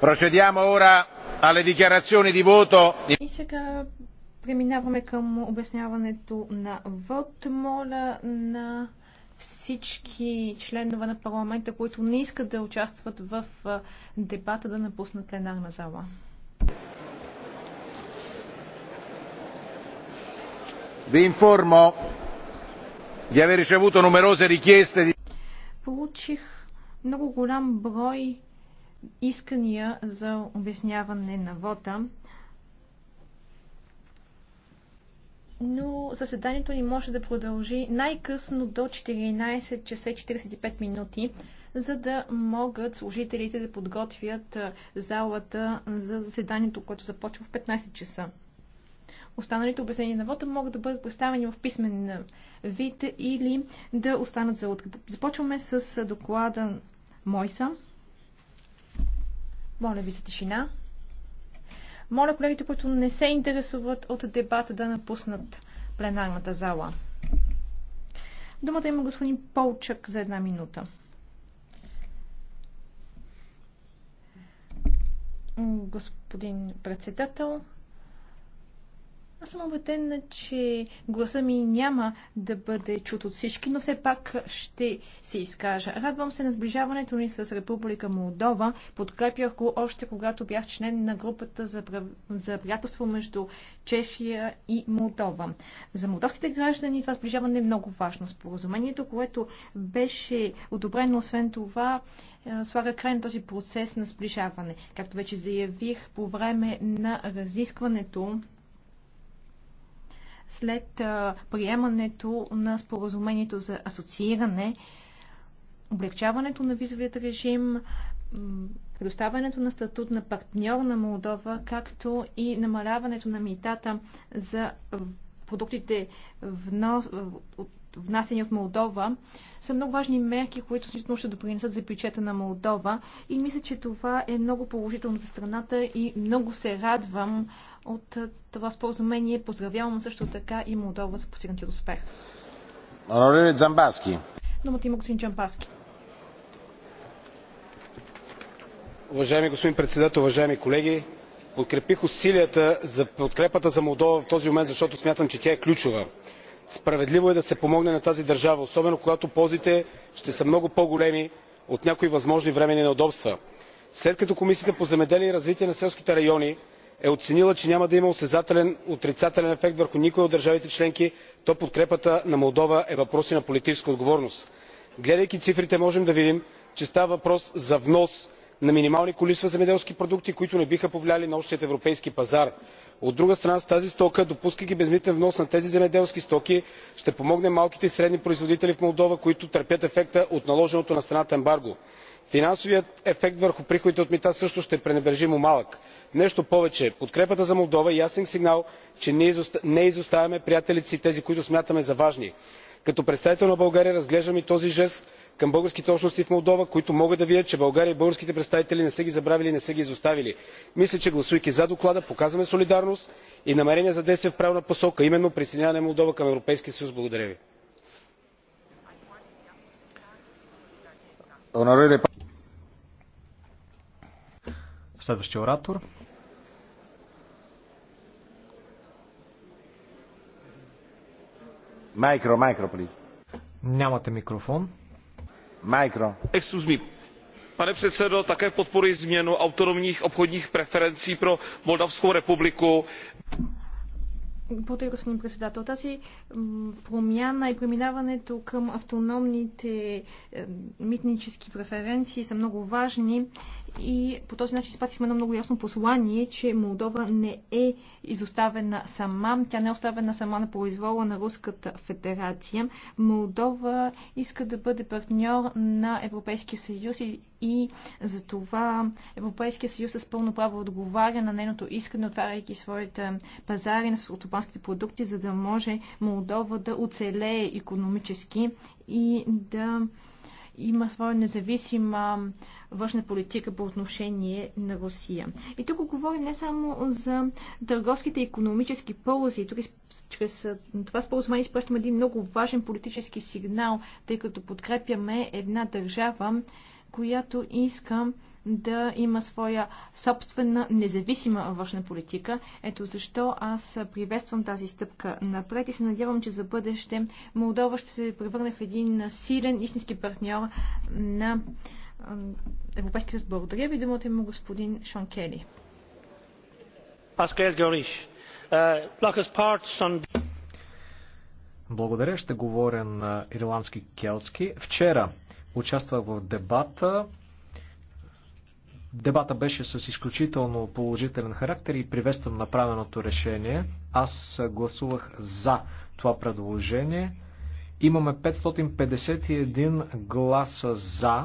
Procediamo ora alle dichiarazioni di voto. И сега преминаваме към обясняването на вод. Моля на всички членове на парламента, които не искат да участват в дебата, да напуснат пленарна зала. Ви информо di aver ricevuto numerose richieste di... Получих много голям брой искания за обясняване на вота. Но заседанието ни може да продължи най-късно до 14 часа 45 минути, за да могат служителите да подготвят залата за заседанието, което започва в 15 часа. Останалите обяснения на вода могат да бъдат представени в писмен вид или да останат за откъп. Започваме с доклада Мойса. Моля ви за тишина. Моля колегите, които не се интересуват от дебата, да напуснат пленарната зала. Думата има господин Полчък за една минута. Господин председател, аз съм убедена, че гласа ми няма да бъде чут от всички, но все пак ще се изкажа. Радвам се на сближаването ни с Република Молдова. Подкрепях го още когато бях член на групата за, прав... за приятелство между Чехия и Молдова. За молдовските граждани това сближаване е много важно. Споразумението, което беше одобрено, освен това, е, слага край на този процес на сближаване. Както вече заявих по време на разискването след приемането на споразумението за асоцииране, облегчаването на визовият режим, предоставянето на статут на партньор на Молдова, както и намаляването на митата за продуктите внасени от Молдова, са много важни мерки, които действително ще допринесат за бюджета на Молдова. И мисля, че това е много положително за страната и много се радвам от е, това споразумение. Поздравявам също така и Молдова за постигнати успех. Honorable Дзамбаски. Думата има господин Джамбаски. Уважаеми господин председател, уважаеми колеги, подкрепих усилията за подкрепата за Молдова в този момент, защото смятам, че тя е ключова. Справедливо е да се помогне на тази държава, особено когато ползите ще са много по-големи от някои възможни времени неудобства. След като Комисията по земеделие и развитие на селските райони е оценила че няма да има осезателен отрицателен ефект върху никоя от държавите членки то подкрепата на молдова е въпрос и на политическа отговорност. гледайки цифрите можем да видим че става въпрос за внос на минимални количества земеделски продукти които не биха повлияли на общия европейски пазар. от друга страна с тази стока допускайки безмитен внос на тези земеделски стоки ще помогнем малките и средни производители в молдова които търпят ефекта от наложеното на страната ембарго. финансовият ефект върху приходите от мита също ще е пренебрежимо малък нещо повече подкрепата за молдова е ясен сигнал че не изоставяме приятелите си тези които смятаме за важни. като представител на българия разглеждам и този жест към българските общности в молдова които могат да видят че българия и българските представители не са ги забравили и не са ги изоставили. мисля че гласувайки за доклада показваме солидарност и намерение за действие в правилна посока а именно присъединяване на молдова към европейския съюз. благодаря ви. Следващия оратор. Майкро, майкро, плиз. Нямате микрофон. Майкро. Excuse me. Pane předsedo, také podporuji změnu autonomních obchodních preferencí pro Moldavskou republiku. Благодаря, господин председател. Тази промяна и преминаването към автономните митнически преференции са много важни и по този начин спатихме едно много ясно послание, че Молдова не е изоставена сама, тя не е оставена сама на произвола на Руската федерация. Молдова иска да бъде партньор на Европейския съюз и, и за това Европейския съюз с пълно право отговаря на нейното искане, отваряйки своите пазари на сутопанските продукти, за да може Молдова да оцелее економически и да има своя независима външна политика по отношение на Русия. И тук говорим не само за търговските и економически ползи. Тук чрез това споразумение изпращаме един много важен политически сигнал, тъй като подкрепяме една държава, която иска да има своя собствена независима външна политика. Ето защо аз приветствам тази стъпка напред и се надявам, че за бъдеще Молдова ще се превърне в един силен истински партньор на Европейския съюз. Благодаря ви. Думата има господин Шон Кели. Паскал Гориш. Uh, Благодаря, ще говоря на ирландски келтски. Вчера участвах в дебата. Дебата беше с изключително положителен характер и приветствам направеното решение. Аз гласувах за това предложение. Имаме 551 гласа за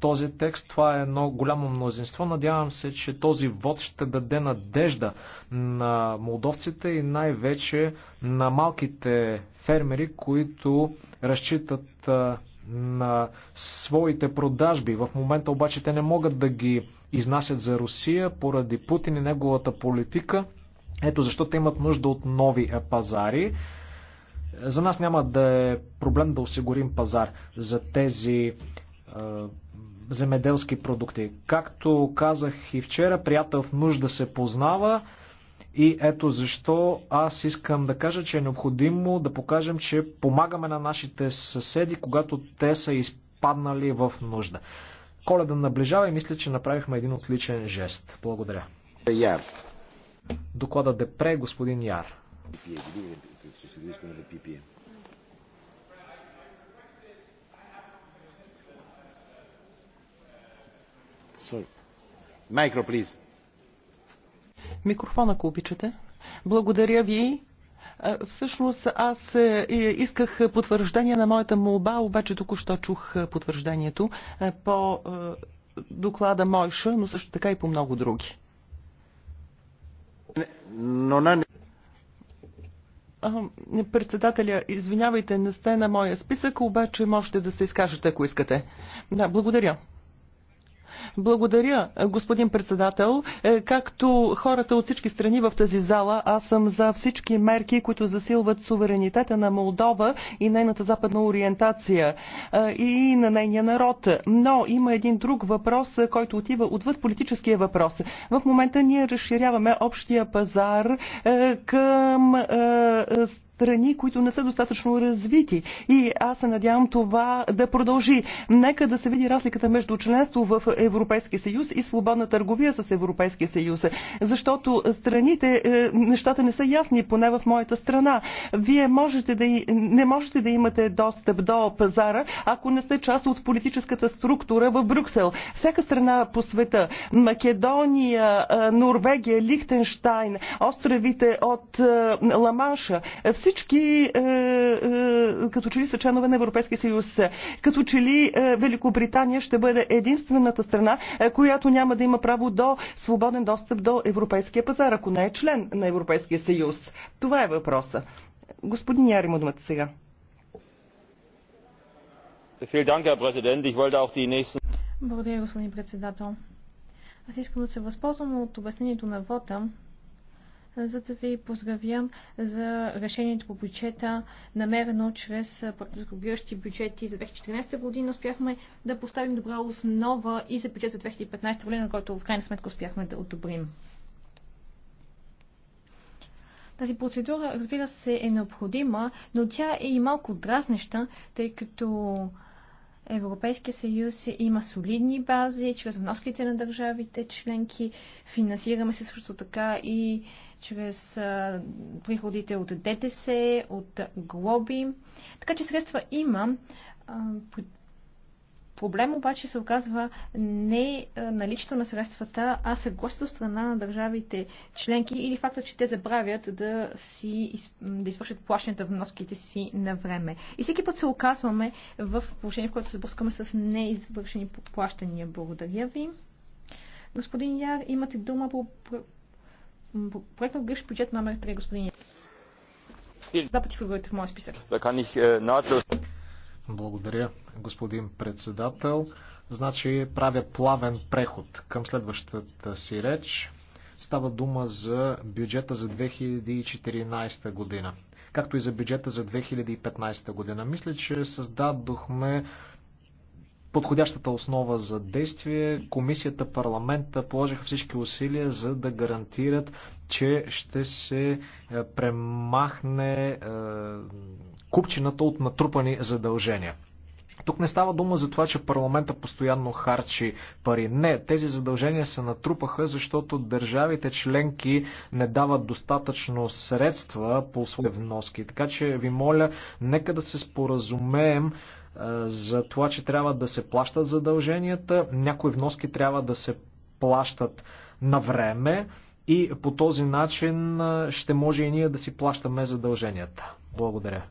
този текст. Това е едно голямо мнозинство. Надявам се, че този вод ще даде надежда на молдовците и най-вече на малките фермери, които разчитат на своите продажби. В момента обаче те не могат да ги изнасят за Русия поради Путин и неговата политика. Ето защо те имат нужда от нови е, пазари. За нас няма да е проблем да осигурим пазар за тези е, земеделски продукти. Както казах и вчера, приятел в нужда се познава. И ето защо аз искам да кажа, че е необходимо да покажем, че помагаме на нашите съседи, когато те са изпаднали в нужда. Коледа наближава и мисля, че направихме един отличен жест. Благодаря. Яр. Доклада Депре, господин Яр. Micro, please. Микрофон, ако обичате. Благодаря ви. Всъщност аз е, е, исках потвърждение на моята молба, обаче току-що чух е, потвърждението по доклада Мойша, но също така и по много други. Но на... Председателя, извинявайте, не сте на моя списък, обаче можете да се изкажете, ако искате. Да, благодаря. Благодаря, господин председател. Е, както хората от всички страни в тази зала, аз съм за всички мерки, които засилват суверенитета на Молдова и нейната западна ориентация е, и на нейния народ. Но има един друг въпрос, е, който отива отвъд политическия въпрос. В момента ние разширяваме общия пазар към страни, които не са достатъчно развити. И аз се надявам това да продължи. Нека да се види разликата между членство в Европейския съюз и свободна търговия с Европейския съюз. Защото страните, е, нещата не са ясни, поне в моята страна. Вие можете да, не можете да имате достъп до пазара, ако не сте част от политическата структура в Брюксел. Всяка страна по света, Македония, е, Норвегия, Лихтенштайн, островите от е, Ламанша, всички всички е, е, като че ли са членове на Европейския съюз. Като че ли е, Великобритания ще бъде единствената страна, която няма да има право до свободен достъп до Европейския пазар, ако не е член на Европейския съюз. Това е въпроса. Господин Ярим, думата сега. Благодаря, господин председател. Аз искам да се възползвам от обяснението на вота, за да ви поздравям за решението по бюджета, намерено чрез прогриращи бюджети за 2014 година. Успяхме да поставим добра основа и за бюджет за 2015 година, който в крайна сметка успяхме да одобрим. Тази процедура, разбира се, е необходима, но тя е и малко дразнеща, тъй като Европейския съюз има солидни бази, чрез вноските на държавите членки, финансираме се също така и чрез а, приходите от ДТС, от глоби. Така че средства има. А, Проблем обаче се оказва не наличието на средствата, а съгласието страна на държавите членки или факта, че те забравят да, си, да извършат плащането вноските си на време. И всеки път се оказваме в положение, в което се сблъскаме с неизвършени плащания. Благодаря ви. Господин Яр, имате дума по, проект на гръщ бюджет номер 3, господин Яр. Два пъти в моят списък. Благодаря, господин председател. Значи правя плавен преход към следващата си реч. Става дума за бюджета за 2014 година, както и за бюджета за 2015 година. Мисля, че създадохме подходящата основа за действие. Комисията, парламента положиха всички усилия за да гарантират, че ще се е, премахне е, купчината от натрупани задължения. Тук не става дума за това, че парламента постоянно харчи пари. Не, тези задължения се натрупаха, защото държавите членки не дават достатъчно средства по своите вноски. Така че ви моля, нека да се споразумеем за това, че трябва да се плащат задълженията, някои вноски трябва да се плащат на време и по този начин ще може и ние да си плащаме задълженията. Благодаря.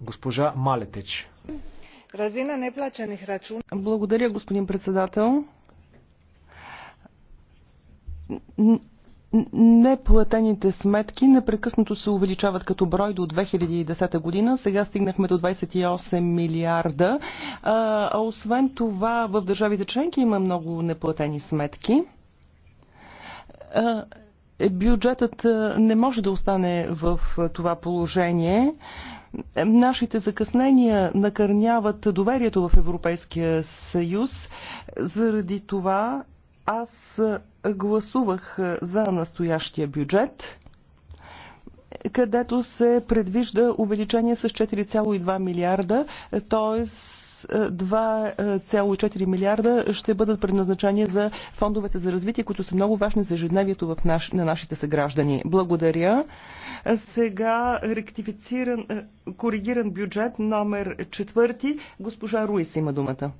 Госпожа Малетич. Разина неплачених рачун. Благодаря, господин председател. Неплатените сметки непрекъснато се увеличават като брой до 2010 година. Сега стигнахме до 28 милиарда. А, а освен това, в държавите членки има много неплатени сметки. А, бюджетът не може да остане в това положение. А, Нашите закъснения накърняват доверието в Европейския съюз. Заради това аз гласувах за настоящия бюджет където се предвижда увеличение с 4,2 милиарда, т.е. 2,4 е, милиарда ще бъдат предназначени за фондовете за развитие, които са много важни за ежедневието в наш, на нашите съграждани. Благодаря. Сега ректифициран, е, коригиран бюджет номер 4. Госпожа Руис има думата.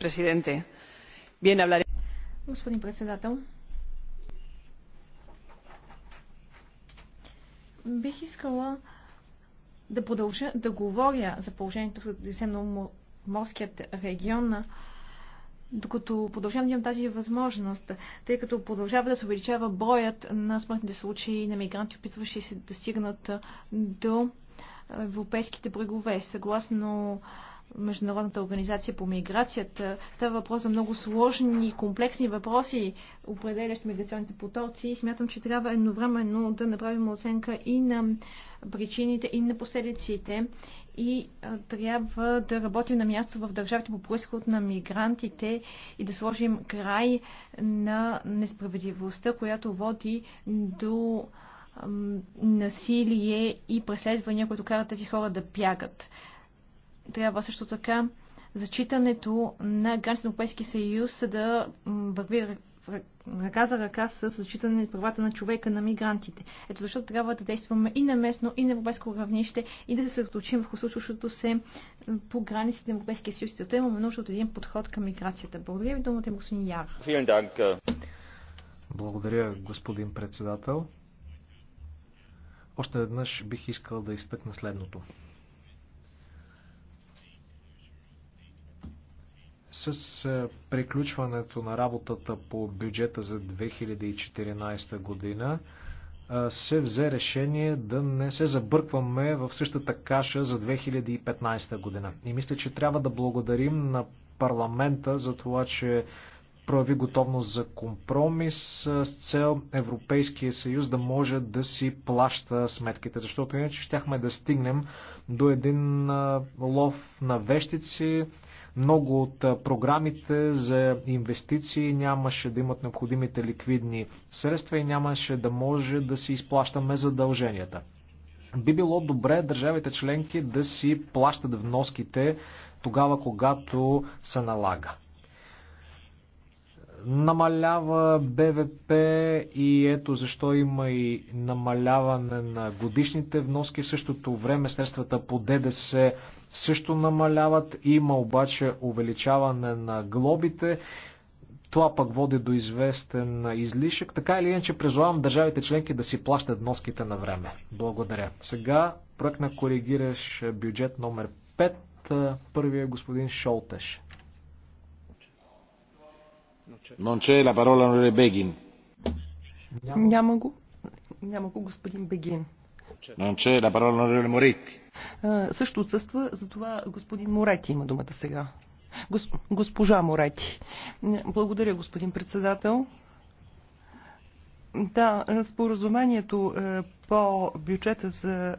Президенте, bien hablaré. Господин председател, бих искала да продължа да говоря за положението в Средиземноморският регион, докато продължавам да имам тази възможност, тъй като продължава да се увеличава броят на смъртните случаи на мигранти, опитващи се да стигнат до европейските брегове. Съгласно Международната организация по миграцията. Става въпрос за много сложни и комплексни въпроси, определящи миграционните потоци. И смятам, че трябва едновременно да направим оценка и на причините, и на последиците. И а, трябва да работим на място в държавите по происход на мигрантите и да сложим край на несправедливостта, която води до насилие и преследвания, които карат тези хора да бягат трябва също така зачитането на границите на Европейския съюз да върви ръка за ръка с зачитане на правата на човека на мигрантите. Ето защото трябва да действаме и на местно, и на европейско равнище и да се съсредоточим върху случващото се по границите на Европейския съюз. Зато имаме нужда от един подход към миграцията. Благодаря ви, думата господин Яр. Благодаря, господин председател. Още веднъж бих искал да изтъкна следното. С приключването на работата по бюджета за 2014 година се взе решение да не се забъркваме в същата каша за 2015 година. И мисля, че трябва да благодарим на парламента за това, че прояви готовност за компромис с цел Европейския съюз да може да си плаща сметките, защото иначе щяхме да стигнем до един лов на вещици, много от програмите за инвестиции нямаше да имат необходимите ликвидни средства и нямаше да може да си изплащаме задълженията. Би било добре държавите членки да си плащат вноските тогава, когато се налага намалява БВП и ето защо има и намаляване на годишните вноски. В същото време средствата по ДДС също намаляват. Има обаче увеличаване на глобите. Това пък води до известен излишък. Така или иначе призовавам държавите членки да си плащат носките на време. Благодаря. Сега проект на коригираш бюджет номер 5. Първият е господин Шолтеш. Non е la parola onorevole Няма го. Няма го господин Бегин. Non е la parola onorevole също отсъства, затова господин Морети има думата сега. Госпожа Морети. Благодаря, господин председател. Да, споразумението е, по бюджета за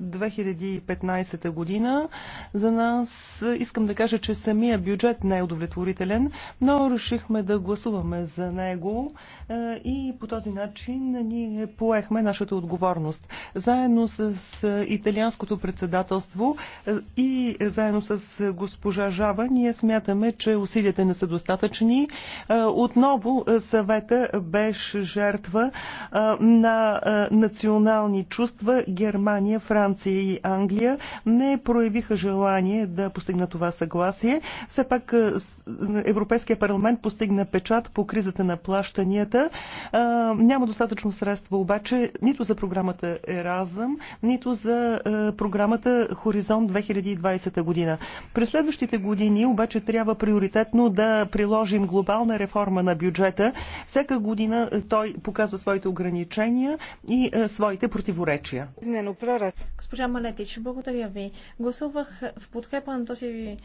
2015 година. За нас искам да кажа, че самия бюджет не е удовлетворителен, но решихме да гласуваме за него е, и по този начин ние поехме нашата отговорност. Заедно с италианското председателство е, и заедно с госпожа Жаба ние смятаме, че усилията не са достатъчни. Е, отново съвета беше жертва на национални чувства Германия, Франция Франция и Англия не проявиха желание да постигна това съгласие. Все пак Европейския парламент постигна печат по кризата на плащанията. Няма достатъчно средства обаче нито за програмата Еразъм, нито за програмата Хоризонт 2020 година. През следващите години обаче трябва приоритетно да приложим глобална реформа на бюджета. Всяка година той показва своите ограничения и своите противоречия. Госпожа Малетич, благодаря ви. Гласувах в подкрепа на този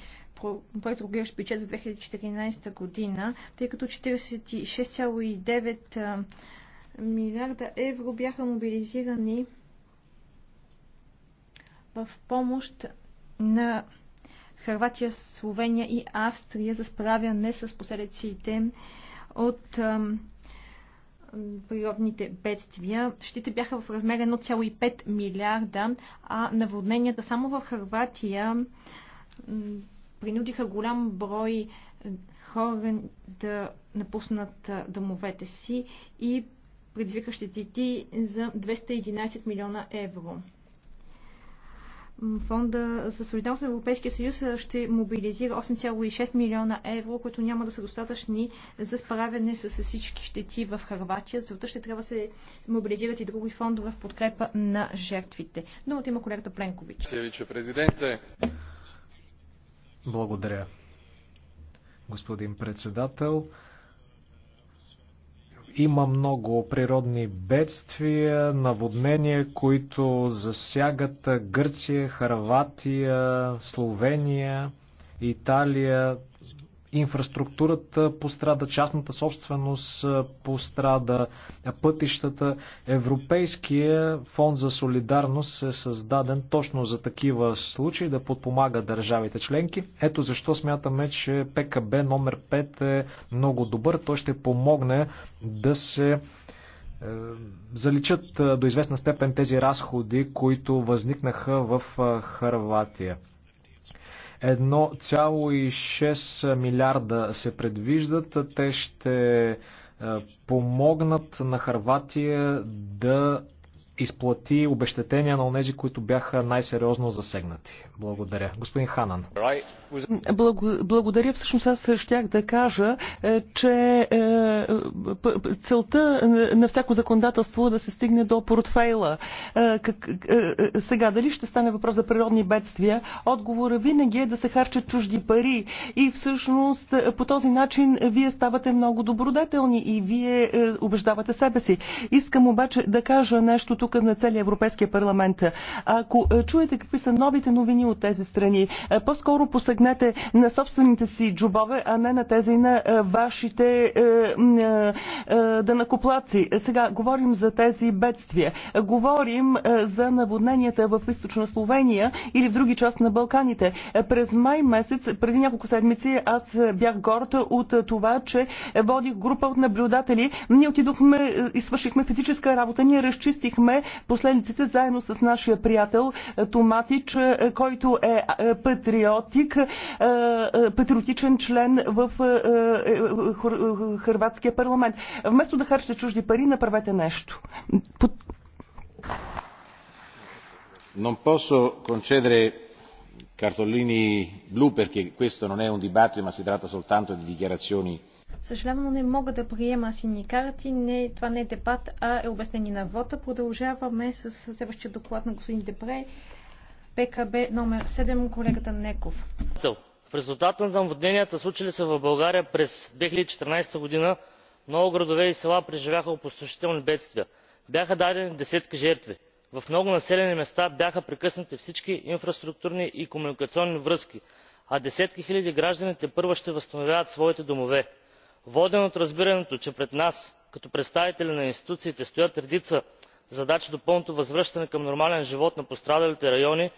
проект регулиращ бюджет за 2014 година, тъй като 46,9 милиарда евро бяха мобилизирани в помощ на Харватия, Словения и Австрия за справяне с последиците от природните бедствия. Щите бяха в размер 1,5 милиарда, а наводненията само в Харватия принудиха голям брой хора да напуснат домовете си и предизвика щетите за 211 милиона евро. Фонда за солидарност на Европейския съюз ще мобилизира 8,6 милиона евро, които няма да са достатъчни за справяне с всички щети в Харватия. Целта ще трябва да се мобилизират и други фондове в подкрепа на жертвите. от има колегата Пленкович. Благодаря. Господин председател, има много природни бедствия, наводнения, които засягат Гърция, Харватия, Словения, Италия, инфраструктурата пострада, частната собственост пострада, пътищата. Европейския фонд за солидарност е създаден точно за такива случаи да подпомага държавите членки. Ето защо смятаме, че ПКБ номер 5 е много добър. Той ще помогне да се е, заличат е, до известна степен тези разходи, които възникнаха в е, Харватия. 1,6 милиарда се предвиждат. Те ще е, помогнат на Харватия да изплати обещетения на онези, които бяха най-сериозно засегнати. Благодаря. Господин Ханан. благодаря. Всъщност аз щях да кажа, е, че е, целта на всяко законодателство е да се стигне до портфейла. Е, сега, дали ще стане въпрос за природни бедствия, отговора винаги е да се харчат чужди пари. И всъщност по този начин вие ставате много добродетелни и вие убеждавате себе си. Искам обаче да кажа нещо тук на целия Европейския парламент. Ако е, чуете какви са новите новини от тези страни, е, по-скоро посъгнете на собствените си джобове, а не на тези на е, вашите дънакоплаци. Сега говорим за тези бедствия. Говорим за наводненията в източна Словения или в други части на Балканите. През май месец, преди няколко седмици, аз бях горта от това, че водих група от наблюдатели. Ние отидохме и свършихме физическа работа. Ние разчистихме поеме последиците заедно с нашия приятел е, Томатич, е, е, който е патриотик, патриотичен член в Хрватския парламент. Вместо да харчите чужди пари, направете нещо. Non posso concedere cartolini blu perché questo non è un dibattito ma si tratta soltanto di dichiarazioni Съжалявам, не мога да приема сини карти. Не, това не е дебат, а е обяснение на вота. Продължаваме с следващия доклад на господин Депре. ПКБ номер 7, колегата Неков. В резултат на наводненията, случили се в България през 2014 година, много градове и села преживяха опустошителни бедствия. Бяха дадени десетки жертви. В много населени места бяха прекъснати всички инфраструктурни и комуникационни връзки, а десетки хиляди гражданите първо ще възстановяват своите домове воден от разбирането че пред нас като представители на институциите стоят редица задачи до пълното възвръщане към нормален живот на пострадалите райони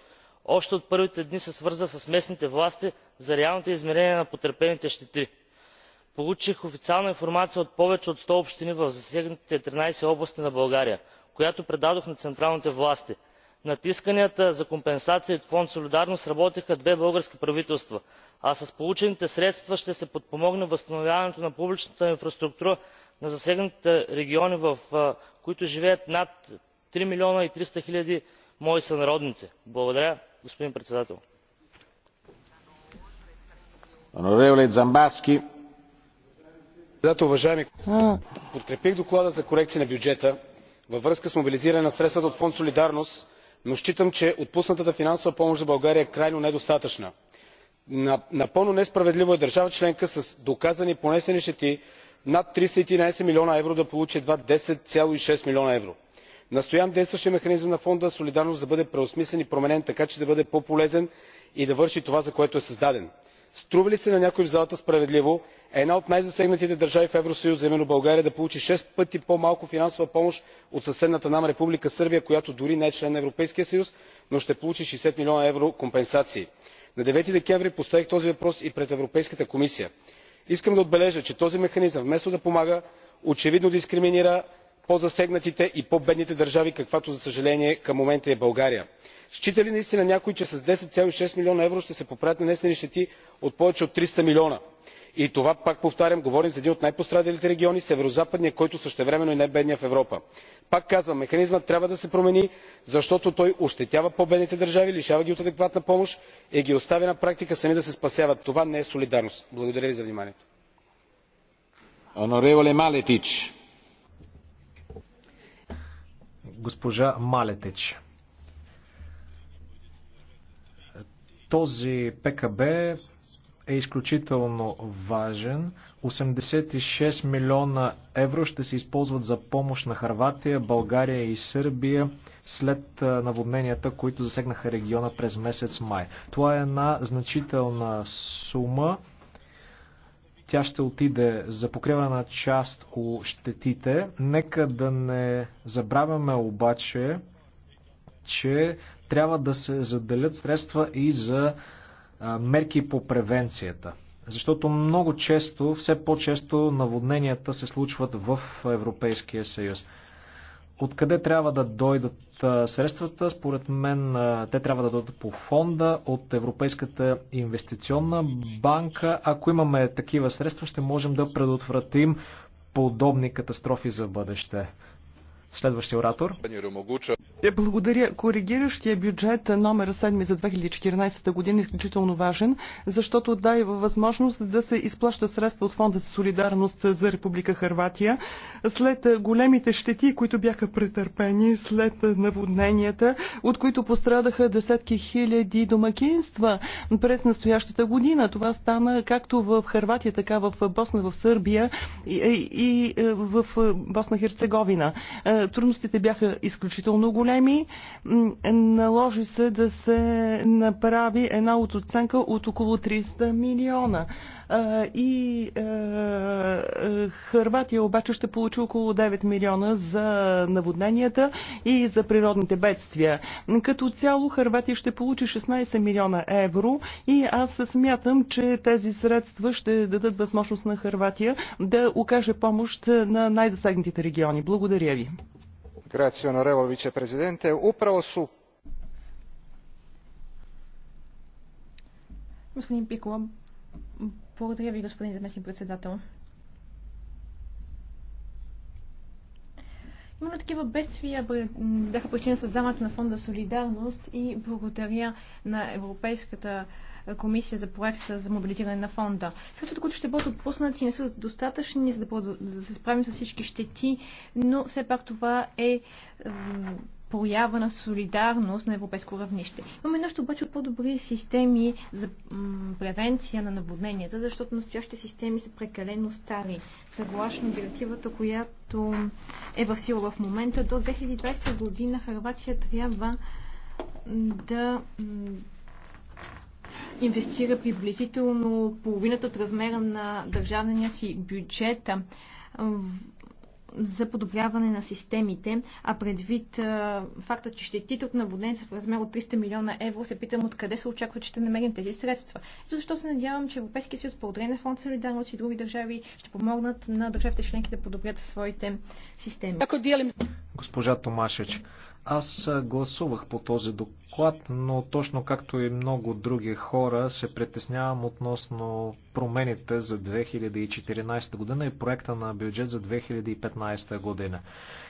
още от първите дни се свързах с местните власти за реалните измерения на претърпените щети. получих официална информация от повече от сто общини в засегнатите тринадесет области на българия която предадох на централните власти. Натисканията за компенсации от фонд солидарност работеха две български правителства а с получените средства ще се подпомогне възстановяването на публичната инфраструктура на засегнатите региони в които живеят над три милиона и триста хиляди мои сънародници. благодаря господин председател. подкрепих доклада за корекция на бюджета във връзка с мобилизиране на средствата от фонд солидарност но считам че отпуснатата финансова помощ за България е крайно недостатъчна. напълно несправедливо е държава членка с доказани понесени щети над триста и единадесет милиона евро да получи едва десет шест милиона евро. настоявам действащият механизъм на фонда солидарност да бъде преосмислен и променен така че да бъде по полезен и да върши това за което е създаден. струва ли се на някой в залата справедливо една от най засегнатите държави в евросъюза а именно българя да получи шест пъти по малко финансова помощ от съседната нам република сърбия която дори не е член на европейския съюз но ще получи шестдесет милиона евро компенсации. на девети декември поставих този въпрос и пред европейската комисия. искам да отбележа че този механизъм вместо да помага очевидно дискриминира по засегнатите и по бедните държави каквато за съжаление към момента е българя. счита ли наистина някой че с десет шест милиона евро ще се поправят нанесени щети от повече от триста милиона? и това пак повтарям говорим за един от най пострадалите региони северозападния който същевременно е най бедният в европа. пак казвам механизмът трябва да се промени защото той ощетява по бедните държави лишава ги от адекватна помощ и ги оставя на практика сами да се спасяват. това не е солидарност. благодаря ви за вниманието е изключително важен. 86 милиона евро ще се използват за помощ на Харватия, България и Сърбия след наводненията, които засегнаха региона през месец май. Това е една значителна сума. Тя ще отиде за покриване на част от щетите. Нека да не забравяме обаче, че трябва да се заделят средства и за мерки по превенцията. Защото много често, все по-често наводненията се случват в Европейския съюз. Откъде трябва да дойдат средствата? Според мен те трябва да дойдат по фонда от Европейската инвестиционна банка. Ако имаме такива средства, ще можем да предотвратим подобни катастрофи за бъдеще. Следващия оратор. Е, благодаря. Коригиращия бюджет номер 7 за 2014 година е изключително важен, защото дава възможност да се изплаща средства от Фонда за солидарност за Република Харватия. След големите щети, които бяха претърпени след наводненията, от които пострадаха десетки хиляди домакинства през настоящата година. Това стана както в Харватия, така в Босна, в Сърбия и, и, и е, в Босна-Херцеговина е, Трудностите бяха изключително големи. Наложи се да се направи една от оценка от около 300 милиона. И Харватия обаче ще получи около 9 милиона за наводненията и за природните бедствия. Като цяло Харватия ще получи 16 милиона евро и аз смятам, че тези средства ще дадат възможност на Харватия да окаже помощ на най-засегнатите региони. Благодаря ви gospodine predsjedniče upravo su Господин благодаря ви, господин председател. Именно такива бедствия бяха причина създаването на фонда Солидарност и благодаря на Европейската комисия за проекта за мобилизиране на фонда. Средствата, които ще бъдат отпуснати, не са достатъчни, за да, бъдат, за да се справим с всички щети, но все пак това е проява на солидарност на европейско равнище. Имаме нещо обаче от по-добри системи за превенция на наводненията, защото настоящите системи са прекалено стари. Съгласно директивата, която е в сила в момента, до 2020 година Харватия трябва да инвестира приблизително половината от размера на държавния си бюджет за подобряване на системите, а предвид а, факта, че щетите от наводнение са в размер от 300 милиона евро, се питам откъде се очаква, че ще намерим тези средства. Ето защо се надявам, че Европейския съюз, благодарение на Фонд Солидарност и други държави, ще помогнат на държавите членки да подобрят своите системи. Госпожа Томашеч, аз гласувах по този доклад, но точно както и много други хора се притеснявам относно промените за 2014 година и проекта на бюджет за 2015 година.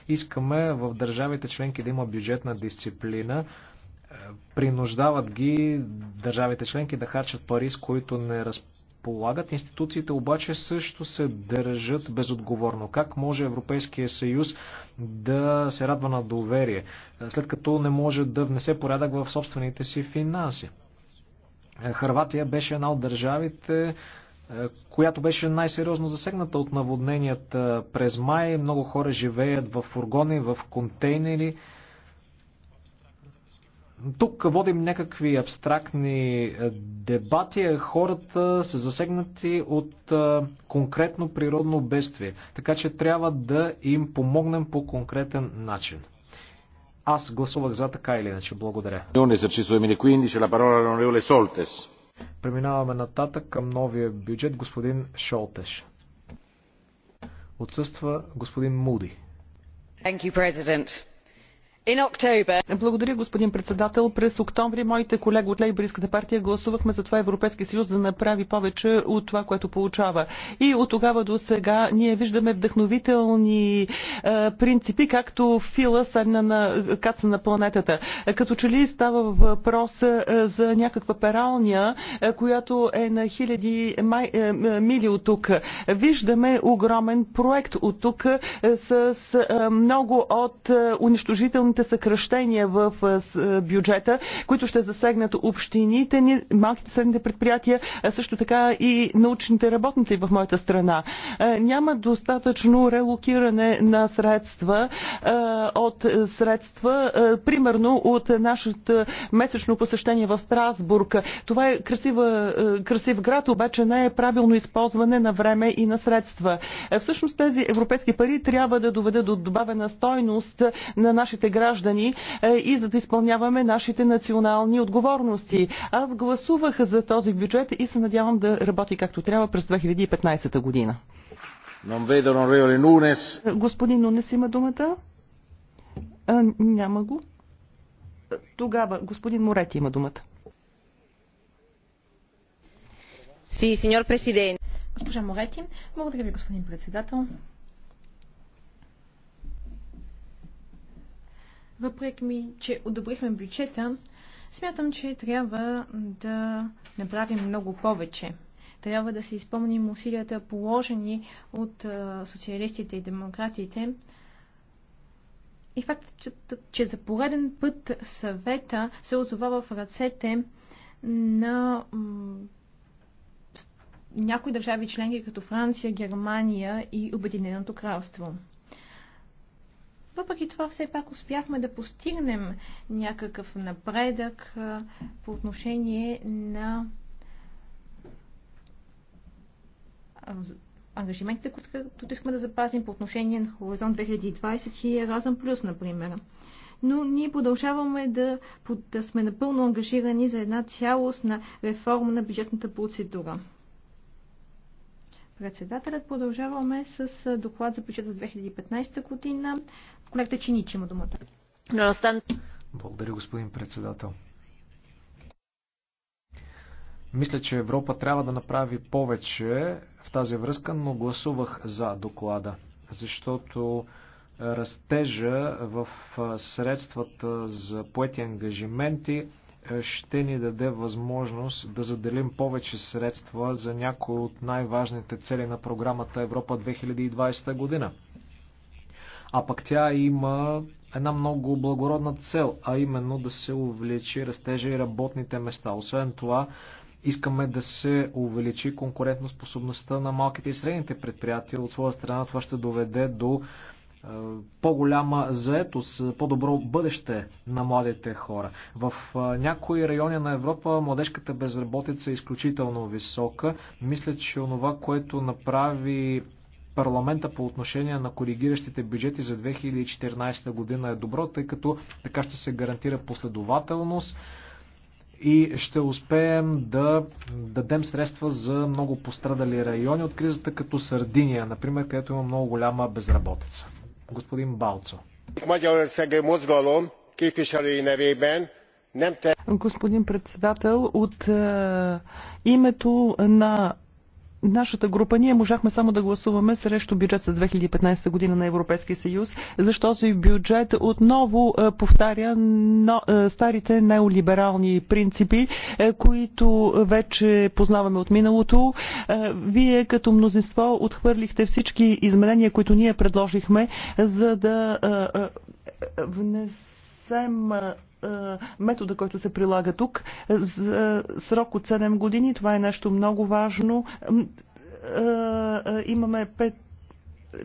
Искаме в държавите членки да има бюджетна дисциплина, е, принуждават ги държавите членки да харчат пари, с които не разполагат полагат. Институциите обаче също се държат безотговорно. Как може Европейския съюз да се радва на доверие, след като не може да внесе порядък в собствените си финанси? Харватия беше една от държавите, е, която беше най-сериозно засегната от наводненията през май. Много хора живеят в фургони, в контейнери тук водим някакви абстрактни е, дебати, а хората са засегнати от е, конкретно природно бедствие. Така че трябва да им помогнем по конкретен начин. Аз гласувах за така или иначе. Благодаря. Преминаваме нататък към новия бюджет. Господин Шолтеш. Отсъства господин Муди. Thank you, President. Благодаря, господин председател. През октомври моите колеги от Лейбористската партия гласувахме за това Европейски съюз да направи повече от това, което получава. И от тогава до сега ние виждаме вдъхновителни е, принципи, както фила седна на каца на планетата. Като че ли става въпрос е, за някаква пералня, е, която е на хиляди май, е, мили от тук. Виждаме огромен проект от тук е, с е, много от е, унищожителните големите съкръщения в бюджета, които ще засегнат общините, ни, малките средните предприятия, а също така и научните работници в моята страна. Няма достатъчно релокиране на средства от средства, примерно от нашето месечно посещение в Страсбург. Това е красива, красив град, обаче не е правилно използване на време и на средства. Всъщност тези европейски пари трябва да доведат до добавена стойност на нашите граждани граждани е, и за да изпълняваме нашите национални отговорности. Аз гласувах за този бюджет и се надявам да работи както трябва през 2015 година. Господин Нунес има думата. А, няма го. Тогава господин Морети има думата. Си, сеньор президент. Госпожа Морети, благодаря ви, господин председател. въпреки ми, че одобрихме бюджета, смятам, че трябва да направим много повече. Трябва да се изпълним усилията, положени от социалистите и демократите. И фактът, че за пореден път съвета се озова в ръцете на някои държави членки, като Франция, Германия и Обединеното кралство. Въпреки това, все пак успяхме да постигнем някакъв напредък по отношение на ангажиментите, които искаме да запазим по отношение на Хоризонт 2020 и Еразъм Плюс, например. Но ние продължаваме да, да сме напълно ангажирани за една цялостна реформа на бюджетната процедура. Председателят продължаваме с доклад за бюджет за 2015 година. Колегата Чинич има думата. Благодаря, господин председател. Мисля, че Европа трябва да направи повече в тази връзка, но гласувах за доклада, защото растежа в средствата за поети ангажименти ще ни даде възможност да заделим повече средства за някои от най-важните цели на програмата Европа 2020 година. А пък тя има една много благородна цел, а именно да се увеличи растежа и работните места. Освен това, искаме да се увеличи конкурентоспособността на малките и средните предприятия. От своя страна това ще доведе до по-голяма заетост, по-добро бъдеще на младите хора. В някои райони на Европа младежката безработица е изключително висока. Мисля, че онова, което направи парламента по отношение на коригиращите бюджети за 2014 година е добро, тъй като така ще се гарантира последователност и ще успеем да дадем средства за много пострадали райони от кризата, като Сардиния, например, където има много голяма безработица. Господин Балцо. Господин председател, от е, името на нашата група, ние можахме само да гласуваме срещу бюджет за 2015 година на Европейския съюз, защото и бюджет отново е, повтаря но, е, старите неолиберални принципи, е, които вече познаваме от миналото. Вие като мнозинство отхвърлихте всички изменения, които ние предложихме, за да внесем е, метода, който се прилага тук, за срок от 7 години. Това е нещо много важно. Е, е, имаме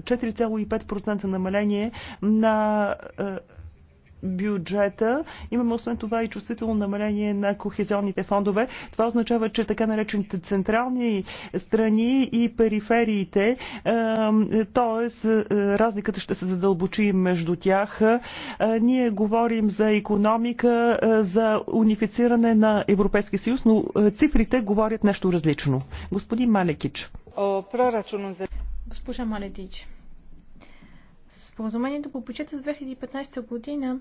4,5% намаление на бюджета. Имаме освен това и чувствително намаление на кохезионните фондове. Това означава, че така наречените централни страни и перифериите, т.е. разликата ще се задълбочи между тях. Е, ние говорим за економика, е, за унифициране на Европейския съюз, но е, цифрите говорят нещо различно. Господин Малекич. О, Госпожа Малетич. Споразумението по бюджета за 2015 година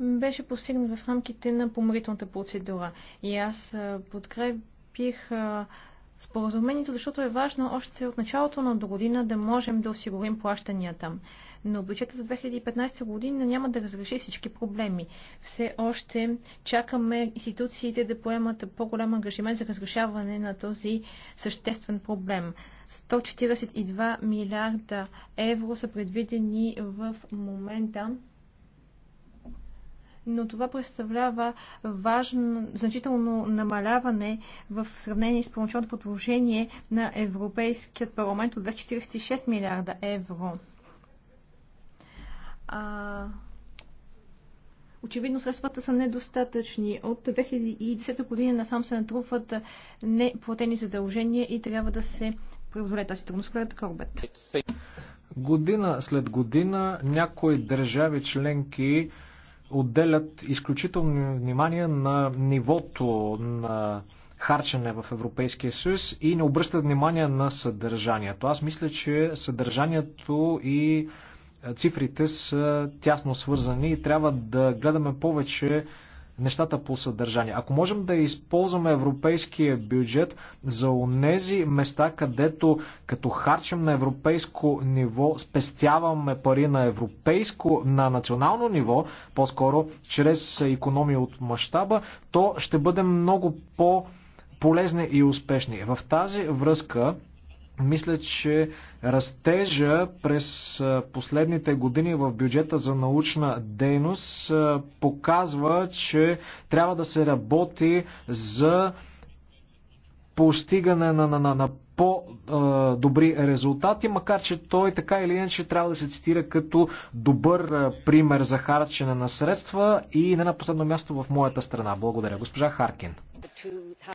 беше постигнат в рамките на помирителната процедура. И аз подкрепих споразумението, защото е важно още от началото на до година да можем да осигурим плащанията но бюджета за 2015 година няма да разреши всички проблеми. Все още чакаме институциите да поемат по-голям ангажимент за разрешаване на този съществен проблем. 142 милиарда евро са предвидени в момента но това представлява важно, значително намаляване в сравнение с първоначалното предложение на Европейският парламент от 246 милиарда евро а, очевидно средствата са недостатъчни. От 2010 година насам се натрупват неплатени задължения и трябва да се преодолее тази трудност. която Корбет. Година след година някои държави членки отделят изключително внимание на нивото на харчене в Европейския съюз и не обръщат внимание на съдържанието. Аз мисля, че съдържанието и цифрите са тясно свързани и трябва да гледаме повече нещата по съдържание. Ако можем да използваме европейския бюджет за онези места, където като харчим на европейско ниво, спестяваме пари на европейско, на национално ниво, по-скоро чрез економия от мащаба, то ще бъдем много по- полезни и успешни. В тази връзка мисля, че растежа през последните години в бюджета за научна дейност показва, че трябва да се работи за постигане на, на, на, на по-добри резултати, макар че той така или иначе трябва да се цитира като добър пример за харчене на средства и не на последно място в моята страна. Благодаря. Госпожа Харкин.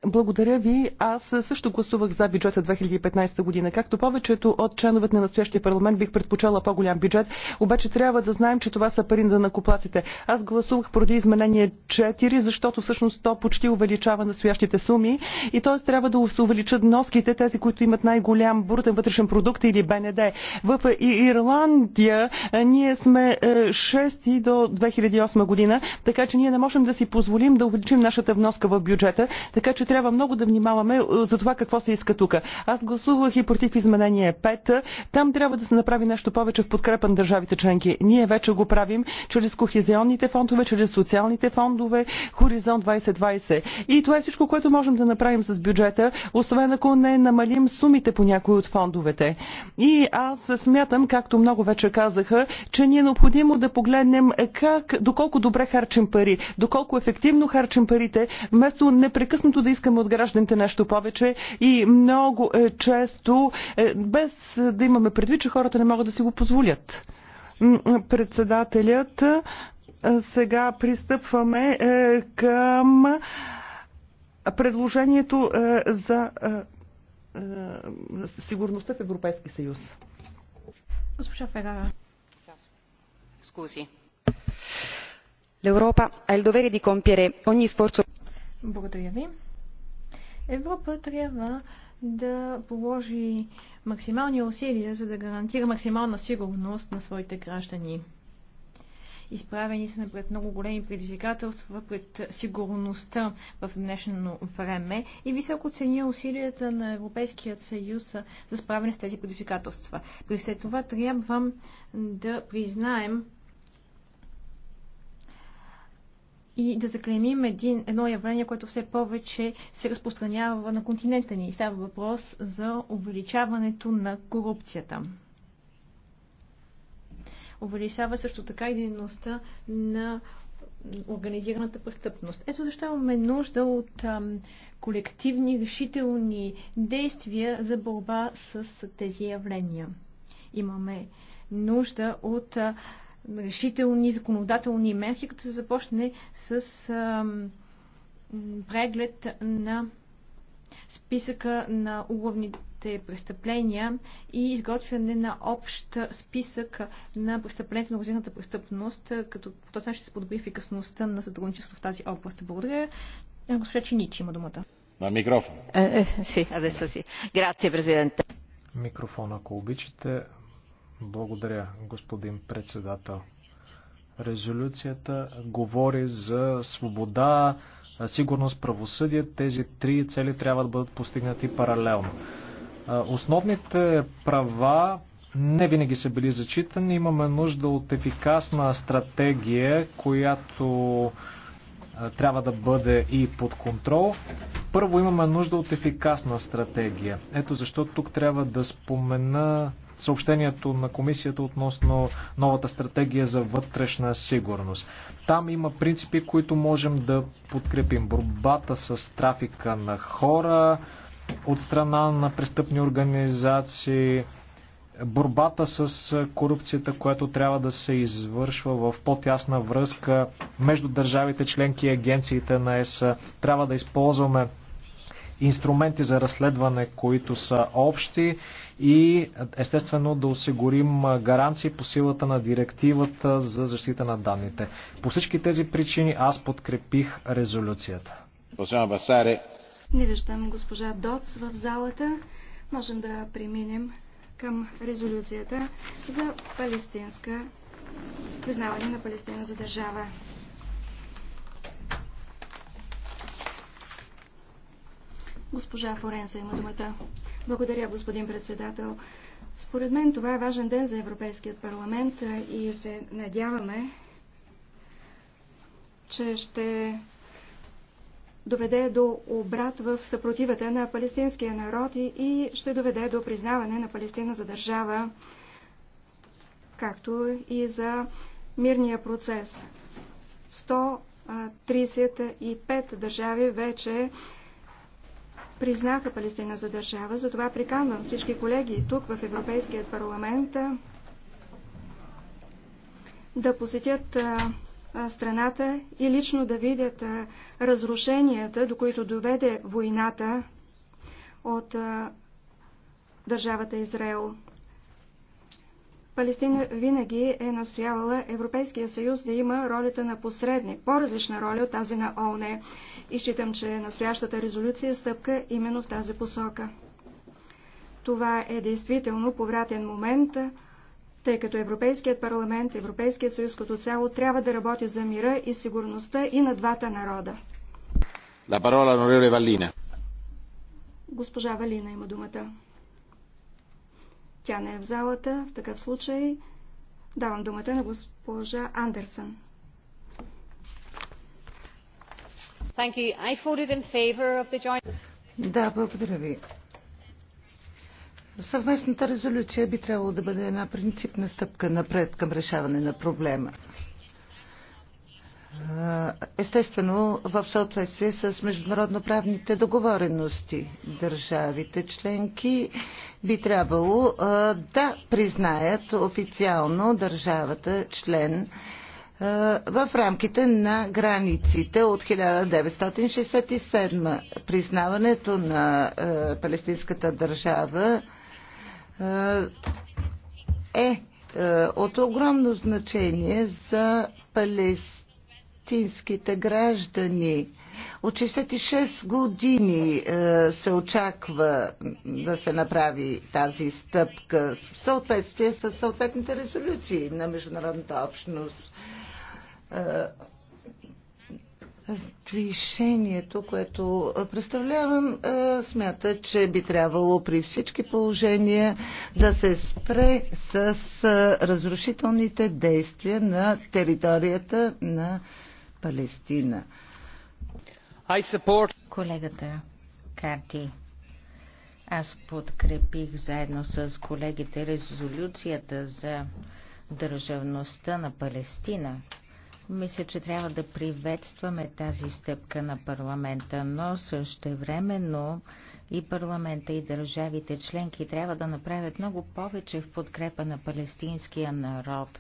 Благодаря ви. Аз също гласувах за бюджета 2015 година. Както повечето от членовете на настоящия парламент бих предпочела по-голям бюджет, обаче трябва да знаем, че това са пари на накоплаците. Аз гласувах поради изменение 4, защото всъщност то почти увеличава настоящите суми и т.е. трябва да се увеличат носките, тези, които които имат най-голям брутен вътрешен продукт или БНД. В Ирландия ние сме 6 до 2008 година, така че ние не можем да си позволим да увеличим нашата вноска в бюджета, така че трябва много да внимаваме за това какво се иска тук. Аз гласувах и против изменение 5. Там трябва да се направи нещо повече в подкрепа на държавите членки. Ние вече го правим чрез кохезионните фондове, чрез социалните фондове, Хоризонт 2020. И това е всичко, което можем да направим с бюджета, освен ако не намалим знаем сумите по някои от фондовете. И аз смятам, както много вече казаха, че ни е необходимо да погледнем как, доколко добре харчим пари, доколко ефективно харчим парите, вместо непрекъснато да искаме от гражданите нещо повече и много е, често, е, без да имаме предвид, че хората не могат да си го позволят. Председателят е, сега пристъпваме към предложението за е, е, сигурността в Европейски съюз. Госпожа Ферара. Скузи. L'Europa ha il dovere di compiere ogni sforzo. Благодаря ви. Европа трябва да положи максимални усилия, за да гарантира максимална сигурност на своите граждани. Изправени сме пред много големи предизвикателства, пред сигурността в днешно време и високо ценя усилията на Европейския съюз за справяне с тези предизвикателства. При все това трябва да признаем и да заклемим един, едно явление, което все повече се разпространява на континента ни. Става въпрос за увеличаването на корупцията увеличава също така и дейността на организираната престъпност. Ето защо имаме нужда от ам, колективни решителни действия за борба с тези явления. Имаме нужда от решителни законодателни мерки, като се започне с ам, преглед на списъка на уловните тежките престъпления и изготвяне на общ списък на престъпленията на организираната престъпност, като по този начин ще се подобри ефикасността на сътрудничеството в тази област. Благодаря. Е, госпожа Чинич има думата. На микрофон. Е, е, си, адеса си. Грация, президент. Микрофон, ако обичате. Благодаря, господин председател. Резолюцията говори за свобода, сигурност, правосъдие. Тези три цели трябва да бъдат постигнати паралелно. Основните права не винаги са били зачитани. Имаме нужда от ефикасна стратегия, която трябва да бъде и под контрол. Първо имаме нужда от ефикасна стратегия. Ето защо тук трябва да спомена съобщението на комисията относно новата стратегия за вътрешна сигурност. Там има принципи, които можем да подкрепим. Борбата с трафика на хора, от страна на престъпни организации, борбата с корупцията, която трябва да се извършва в по-тясна връзка между държавите членки и агенциите на ЕС. Трябва да използваме инструменти за разследване, които са общи и естествено да осигурим гаранции по силата на директивата за защита на данните. По всички тези причини аз подкрепих резолюцията. Possiamo passare не виждам госпожа Доц в залата. Можем да преминем към резолюцията за палестинска признаване на Палестина за държава. Госпожа Форенса има думата. Благодаря, господин председател. Според мен това е важен ден за Европейският парламент и се надяваме, че ще доведе до обрат в съпротивата на палестинския народ и, и ще доведе до признаване на Палестина за държава, както и за мирния процес. 135 държави вече признаха Палестина за държава, затова приканвам всички колеги тук в Европейският парламент да посетят страната и лично да видят разрушенията, до които доведе войната от държавата Израел. Палестина винаги е настоявала Европейския съюз да има ролята на посредник, по-различна роля от тази на ООН. И считам, че настоящата резолюция е стъпка именно в тази посока. Това е действително повратен момент, тъй като Европейският парламент, Европейският съюз като цяло трябва да работи за мира и сигурността и на двата народа. La parola onorevole Vallina. Госпожа Валина има думата. Тя не е в залата. В такъв случай давам думата на госпожа Андерсън. Thank you. I voted in favor of the joint... Да, благодаря ви. Съвместната резолюция би трябвало да бъде една принципна стъпка напред към решаване на проблема. Естествено, в съответствие с международноправните договорености, държавите членки би трябвало да признаят официално държавата член в рамките на границите от 1967. Признаването на палестинската държава е, е от огромно значение за палестинските граждани. От 66 години е, се очаква да се направи тази стъпка в съответствие с съответните резолюции на международната общност е, Движението, което представлявам, е, смята, че би трябвало при всички положения да се спре с е, разрушителните действия на територията на Палестина. Support... Колегата Карти, аз подкрепих заедно с колегите резолюцията за държавността на Палестина. Мисля, че трябва да приветстваме тази стъпка на парламента, но също времено и парламента и държавите членки трябва да направят много повече в подкрепа на палестинския народ.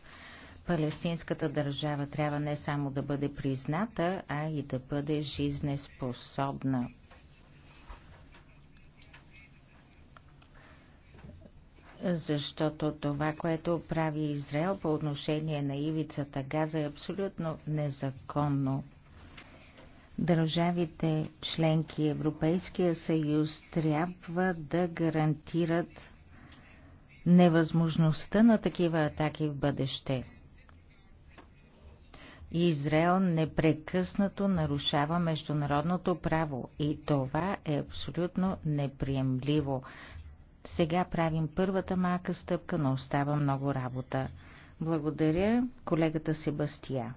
Палестинската държава трябва не само да бъде призната, а и да бъде жизнеспособна. защото това, което прави Израел по отношение на ивицата Газа е абсолютно незаконно. Държавите членки Европейския съюз трябва да гарантират невъзможността на такива атаки в бъдеще. Израел непрекъснато нарушава международното право и това е абсолютно неприемливо. Сега правим първата малка стъпка, но остава много работа. Благодаря, колегата Себастия.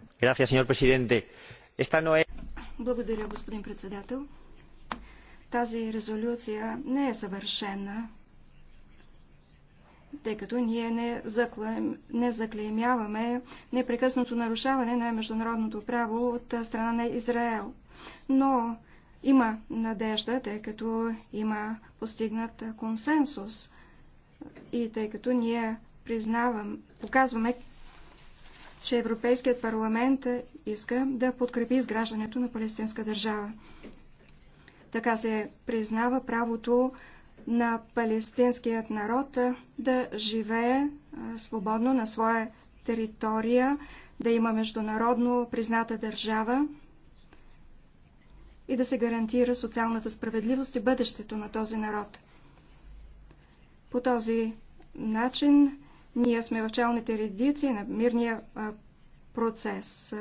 Благодаря, господин председател. Тази резолюция не е съвършена, тъй като ние не, заклем, не заклеймяваме непрекъснато нарушаване на международното право от страна на Израел. Но има надежда, тъй като има постигнат консенсус и тъй като ние признавам, показваме, че Европейският парламент иска да подкрепи изграждането на палестинска държава. Така се признава правото на палестинският народ да живее свободно на своя територия, да има международно призната държава, и да се гарантира социалната справедливост и бъдещето на този народ. По този начин ние сме в челните редици на мирния процес.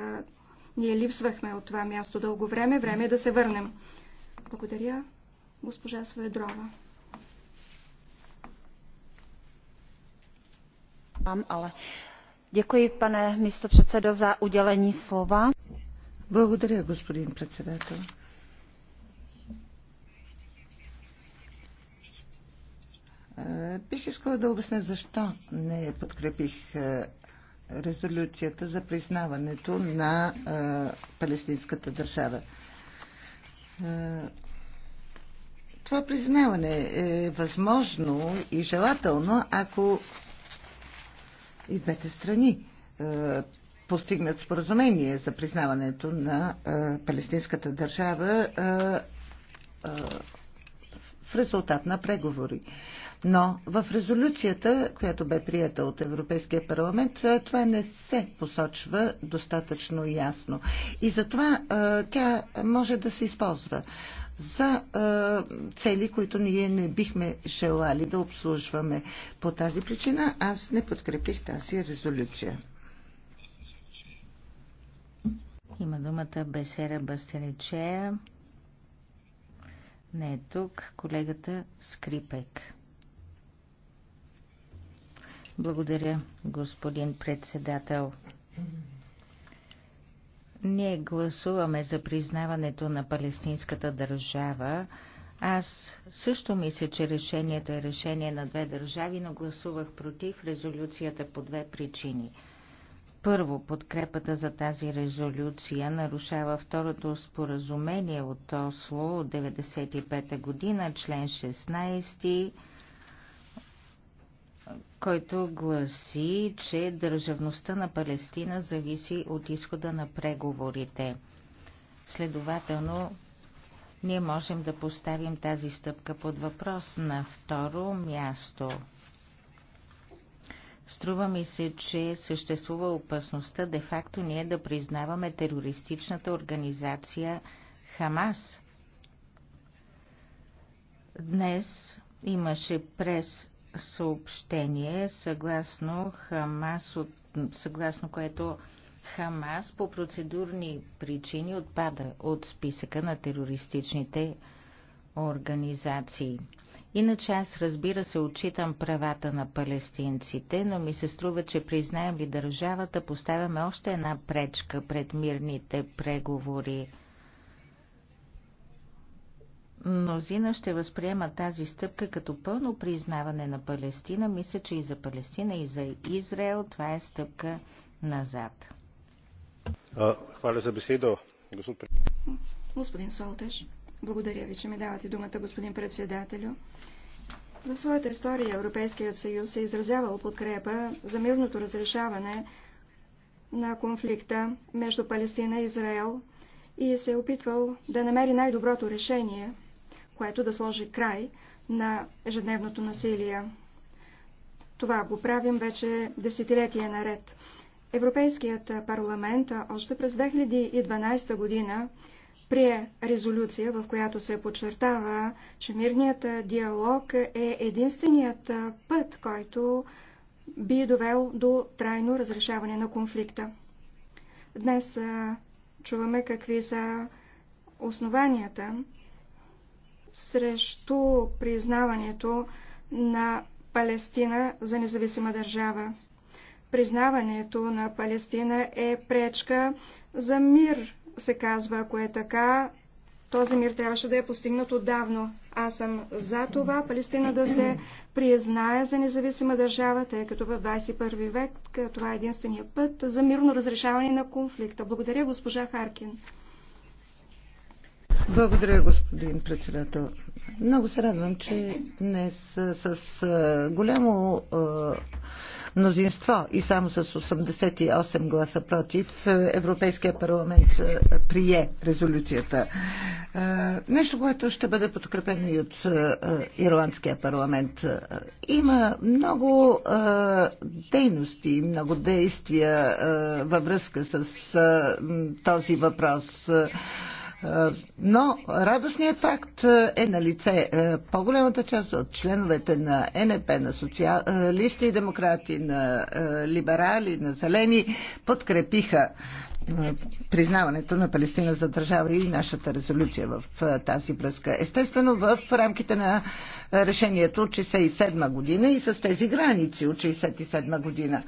Ние липсвахме от това място дълго време. Време е да се върнем. Благодаря, госпожа Сведрова. Děkuji, pane místopředsedo, za udělení slova. Благодаря, господин председател. Е, бих искала да обясня защо не подкрепих е, резолюцията за признаването на е, палестинската държава. Това признаване е възможно и желателно, ако и двете страни постигнат споразумение за признаването на палестинската държава в резултат на преговори. Но в резолюцията, която бе прията от Европейския парламент, това не се посочва достатъчно ясно. И затова тя може да се използва за е, цели, които ние не бихме желали да обслужваме. По тази причина аз не подкрепих тази резолюция. Има думата Бесера Бастеречея. Не е тук. Колегата Скрипек. Благодаря, господин председател. Ние гласуваме за признаването на палестинската държава. Аз също мисля, че решението е решение на две държави, но гласувах против резолюцията по две причини. Първо, подкрепата за тази резолюция нарушава второто споразумение от Осло от 1995 година, член 16 който гласи, че държавността на Палестина зависи от изхода на преговорите. Следователно, ние можем да поставим тази стъпка под въпрос на второ място. Струва ми се, че съществува опасността де-факто ние да признаваме терористичната организация Хамас. Днес имаше прес съобщение, съгласно, Хамас, от, съгласно което Хамас по процедурни причини отпада от списъка на терористичните организации. Иначе аз разбира се отчитам правата на палестинците, но ми се струва, че признаем ли държавата, поставяме още една пречка пред мирните преговори. Мнозина ще възприема тази стъпка като пълно признаване на Палестина. Мисля, че и за Палестина, и за Израел това е стъпка назад. Хваля за беседо. Господин Солтеш, благодаря ви, че ми давате думата, господин председателю. В своята история Европейският съюз е изразявал подкрепа за мирното разрешаване на конфликта между Палестина и Израел и се е опитвал да намери най-доброто решение което да сложи край на ежедневното насилие. Това го правим вече десетилетия наред. Европейският парламент още през 2012 година прие резолюция, в която се подчертава, че мирният диалог е единственият път, който би довел до трайно разрешаване на конфликта. Днес чуваме какви са основанията срещу признаването на Палестина за независима държава. Признаването на Палестина е пречка за мир, се казва, ако е така. Този мир трябваше да е постигнат отдавно. Аз съм за това Палестина да се признае за независима държава, тъй като в 21 век това е единствения път за мирно разрешаване на конфликта. Благодаря, госпожа Харкин. Благодаря, господин председател. Много се радвам, че днес с голямо мнозинство и само с 88 гласа против Европейския парламент прие резолюцията. Нещо, което ще бъде подкрепено и от Ирландския парламент. Има много дейности, много действия във връзка с този въпрос. Е, но радостният факт е, е на лице. Е, по-голямата част от членовете на НП, на социалисти и демократи, на либерали, на зелени подкрепиха признаването на Палестина за държава и нашата резолюция в тази връзка. Естествено, в рамките на решението от 67 година и с тези граници от 67 година.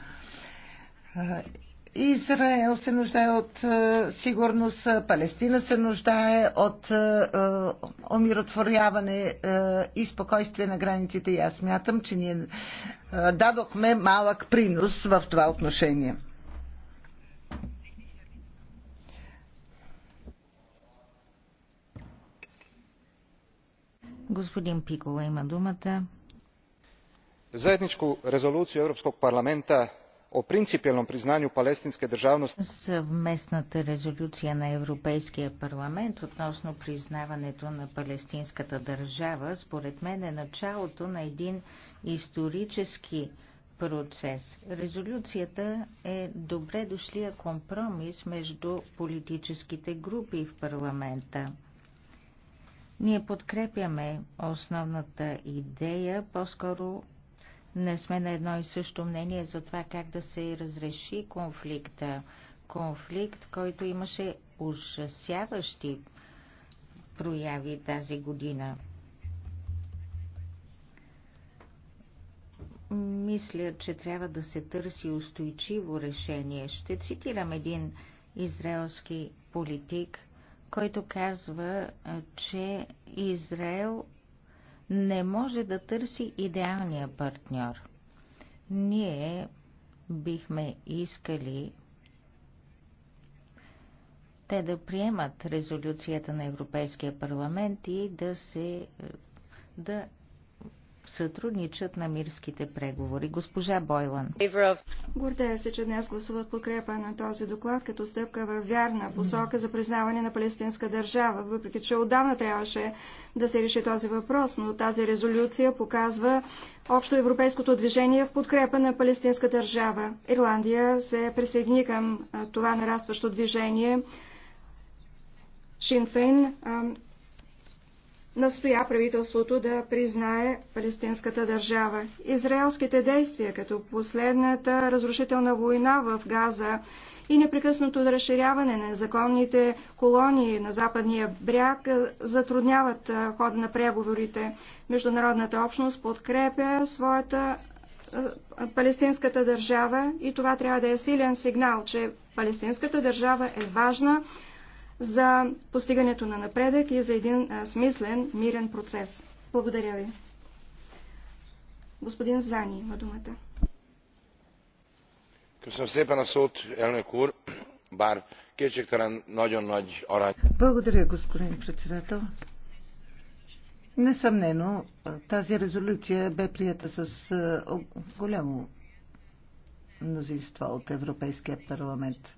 Израел се нуждае от е, сигурност, е, Палестина се нуждае от е, омиротворяване и спокойствие на границите и аз смятам, че ние дадохме малък принос в това отношение. Господин Пикола има думата. Заедничко резолуцию Европского парламента о принципиалном признанию палестинской държавности. Съвместната резолюция на Европейския парламент относно признаването на палестинската държава, според мен е началото на един исторически процес. Резолюцията е добре дошлия компромис между политическите групи в парламента. Ние подкрепяме основната идея, по-скоро не сме на едно и също мнение за това как да се разреши конфликта. Конфликт, който имаше ужасяващи прояви тази година. Мисля, че трябва да се търси устойчиво решение. Ще цитирам един израелски политик, който казва, че Израел не може да търси идеалния партньор. Ние бихме искали те да приемат резолюцията на Европейския парламент и да се да сътрудничат на мирските преговори. Госпожа Бойлан. Гордея се, че днес гласуват подкрепа на този доклад като стъпка в вярна посока за признаване на палестинска държава, въпреки че отдавна трябваше да се реши този въпрос, но тази резолюция показва общо европейското движение в подкрепа на палестинска държава. Ирландия се присъедини към това нарастващо движение. Шинфейн настоя правителството да признае палестинската държава. Израелските действия, като последната разрушителна война в Газа и непрекъснато разширяване на законните колонии на западния бряг е, затрудняват е, хода на преговорите. Международната общност подкрепя своята е, палестинската държава и това трябва да е силен сигнал, че палестинската държава е важна за постигането на напредък и за един смислен, мирен процес. Благодаря ви. Господин Зани има думата. Благодаря, господин председател. Несъмнено, тази резолюция бе прията с голямо мнозинство от Европейския парламент.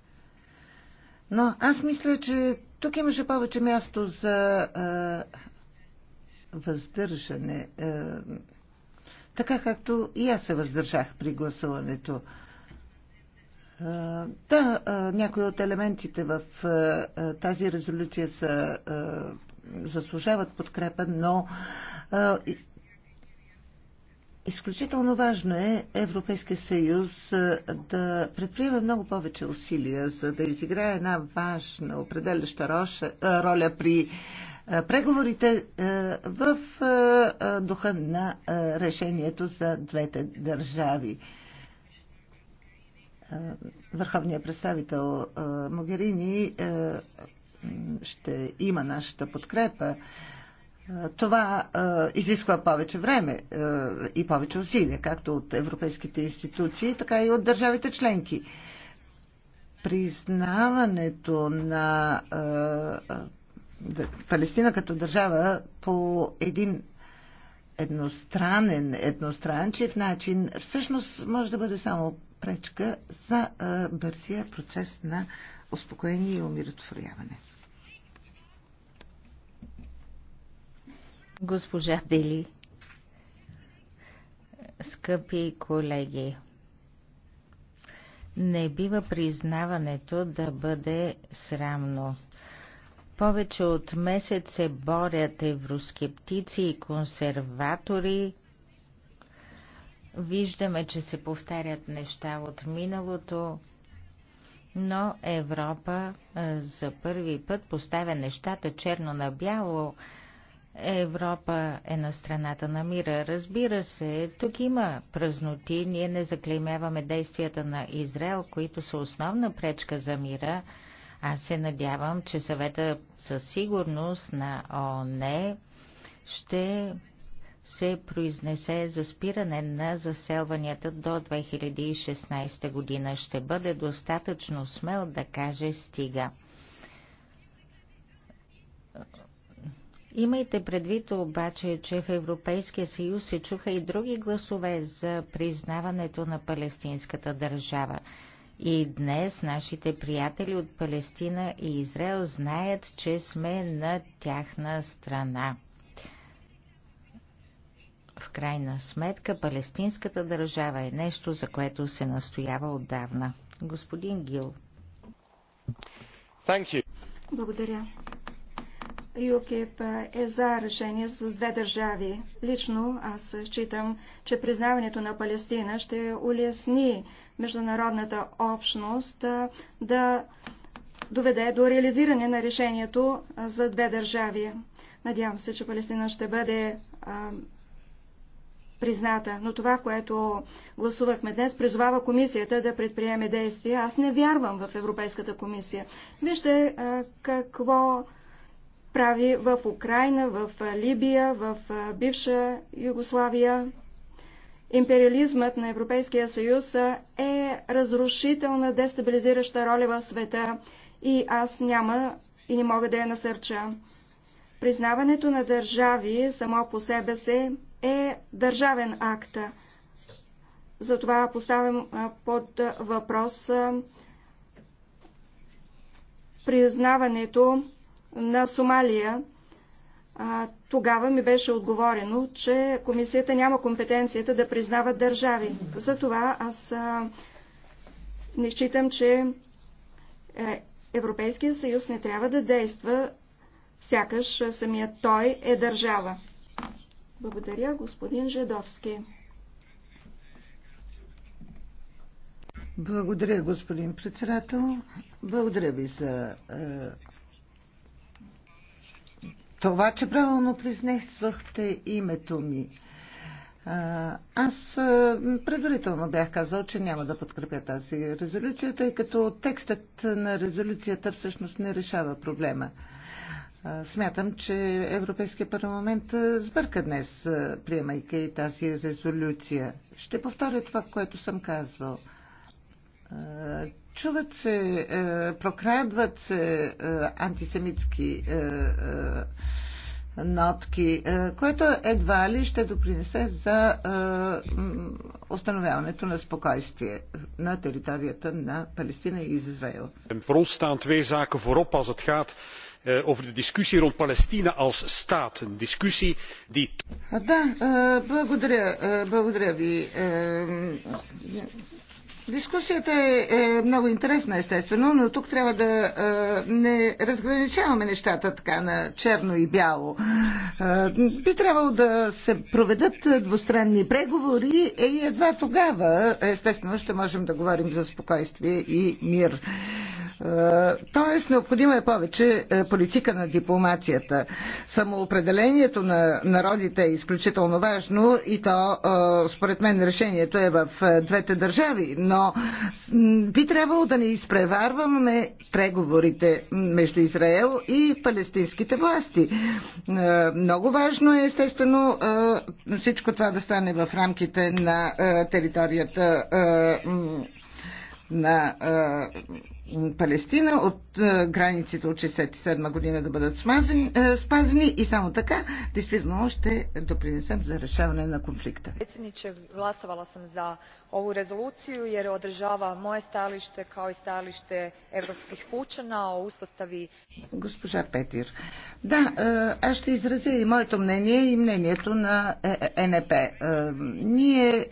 Но аз мисля, че тук имаше повече място за а, въздържане. А, така както и аз се въздържах при гласуването. Да, някои от елементите в тази резолюция са, заслужават подкрепа, но Изключително важно е Европейския съюз да предприема много повече усилия, за да изиграе една важна, определяща роля при преговорите в духа на решението за двете държави. Върховният представител Могерини ще има нашата подкрепа. Това е, изисква повече време е, и повече усилия, както от европейските институции, така и от държавите членки. Признаването на е, Палестина като държава по един едностранен, едностранчив начин, всъщност може да бъде само пречка за е, бързия процес на успокоение и умиротворяване. Госпожа Дели, скъпи колеги, не бива признаването да бъде срамно. Повече от месец се борят евроскептици и консерватори. Виждаме, че се повтарят неща от миналото, но Европа за първи път поставя нещата черно на бяло Европа е на страната на мира. Разбира се, тук има празноти. Ние не заклеймяваме действията на Израел, които са основна пречка за мира. Аз се надявам, че съвета със сигурност на ООН ще се произнесе за спиране на заселванията до 2016 година. Ще бъде достатъчно смел да каже стига. Имайте предвид обаче, че в Европейския съюз се чуха и други гласове за признаването на палестинската държава. И днес нашите приятели от Палестина и Израел знаят, че сме на тяхна страна. В крайна сметка, палестинската държава е нещо, за което се настоява отдавна. Господин Гил. Благодаря. ЮКИП е за решение с две държави. Лично аз считам, че признаването на Палестина ще улесни международната общност да доведе до реализиране на решението за две държави. Надявам се, че Палестина ще бъде призната. Но това, което гласувахме днес, призвава комисията да предприеме действия. Аз не вярвам в Европейската комисия. Вижте а, какво прави в Украина, в Либия, в бивша Югославия. Империализмът на Европейския съюз е разрушителна, дестабилизираща роля в света и аз няма и не мога да я насърча. Признаването на държави само по себе си е държавен акт. Затова поставям под въпрос признаването на Сомалия, тогава ми беше отговорено, че комисията няма компетенцията да признава държави. Затова аз не считам, че е, Европейския съюз не трябва да действа, сякаш самият той е държава. Благодаря, господин Жедовски. Благодаря, господин председател. Благодаря ви за е, това, че правилно произнесохте името ми. Аз предварително бях казал, че няма да подкрепя тази резолюция, тъй като текстът на резолюцията всъщност не решава проблема. Смятам, че Европейския парламент сбърка днес, приемайки тази резолюция. Ще повторя това, което съм казвал – Чуват се, е, прокрадват се е, антисемитски е, нотки, което едва ли ще допринесе за установяването на спокойствие на територията на Палестина и Израел. Voor ons staan twee zaken voorop als het gaat over de discussie rond Palestina als staat. Een discussie die... Да, благодаря, благодаря ви. Дискусията е, е много интересна, естествено, но тук трябва да е, не разграничаваме нещата така на черно и бяло. Е, би трябвало да се проведат двустранни преговори и едва тогава, естествено, ще можем да говорим за спокойствие и мир. Е, е, тоест, необходима е повече е, политика на дипломацията. Самоопределението на народите е изключително важно и то, е, според мен, решението е в двете държави, но би трябвало да не изпреварваме преговорите между Израел и палестинските власти. Много важно е, естествено, всичко това да стане в рамките на територията на а, Палестина от а, границите от 67 година да бъдат смазани, спазени и само така действително ще допринесем за решаване на конфликта. Председниче, glasovala съм за ову rezoluciju jer održava moje stajalište kao i stajalište europskih pučana o uspostavi... Госпожа Петир, да, аз ще изразя и моето мнение и мнението на ЕНП. Е, ние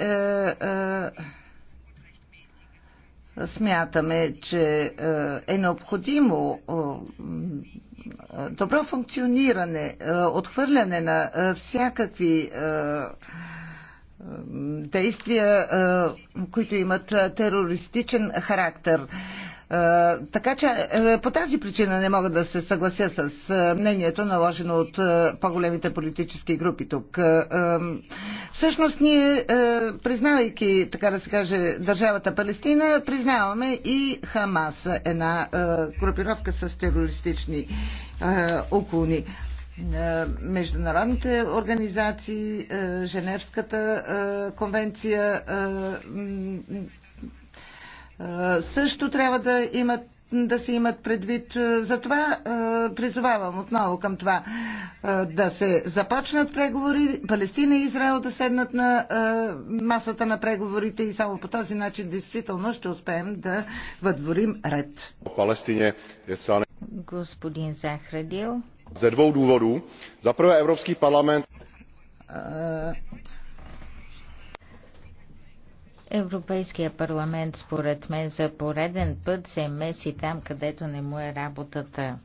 Смятаме, че е, е необходимо е, добро функциониране, е, отхвърляне на всякакви действия, които имат терористичен характер. Е, така че е, по тази причина не мога да се съглася с е, мнението, наложено от по-големите политически групи тук. Всъщност ние, признавайки, така да се каже, държавата Палестина, признаваме и Хамас, една групировка с терористични уклони международните организации, Женевската конвенция също трябва да имат да се имат предвид. Затова призовавам отново към това да се започнат преговори, Палестина и Израел да седнат на масата на преговорите и само по този начин действително ще успеем да въдворим ред. Е Господин Захрадил. За двоу důvodů. За първа Европски парламент. Европейския парламент, според мен, за пореден път се меси там, където не му е работата.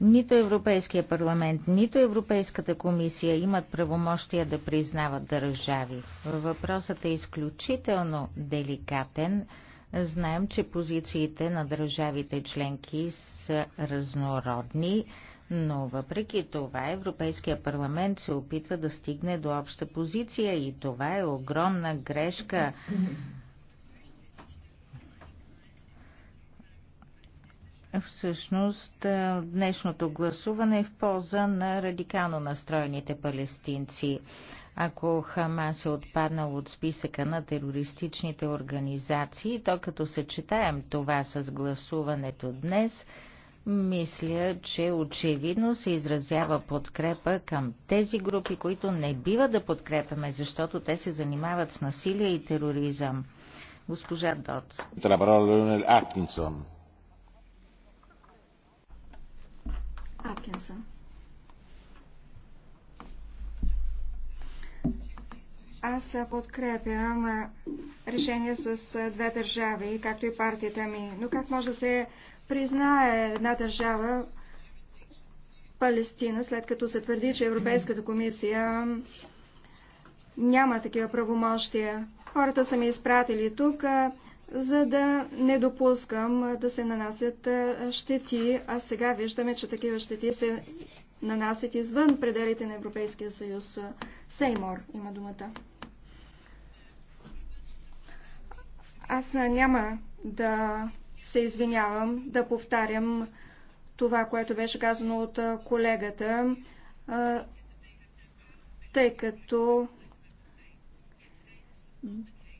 Нито Европейския парламент, нито Европейската комисия имат правомощия да признават държави. Въпросът е изключително деликатен. Знаем, че позициите на държавите членки са разнородни но въпреки това Европейския парламент се опитва да стигне до обща позиция и това е огромна грешка. Всъщност, днешното гласуване е в полза на радикално настроените палестинци. Ако Хамас е отпаднал от списъка на терористичните организации, то като съчетаем това с гласуването днес, мисля, че очевидно се изразява подкрепа към тези групи, които не бива да подкрепяме, защото те се занимават с насилие и тероризъм. Госпожа Доц. Аткинсон. Аткинсон. Аз подкрепям решение с две държави, както и партията ми. Но как може да се признае една държава Палестина, след като се твърди, че Европейската комисия няма такива правомощия. Хората са ме изпратили тук, за да не допускам да се нанасят щети, а сега виждаме, че такива щети се нанасят извън пределите на Европейския съюз. Сеймор има думата. Аз няма да се извинявам да повтарям това, което беше казано от колегата, тъй като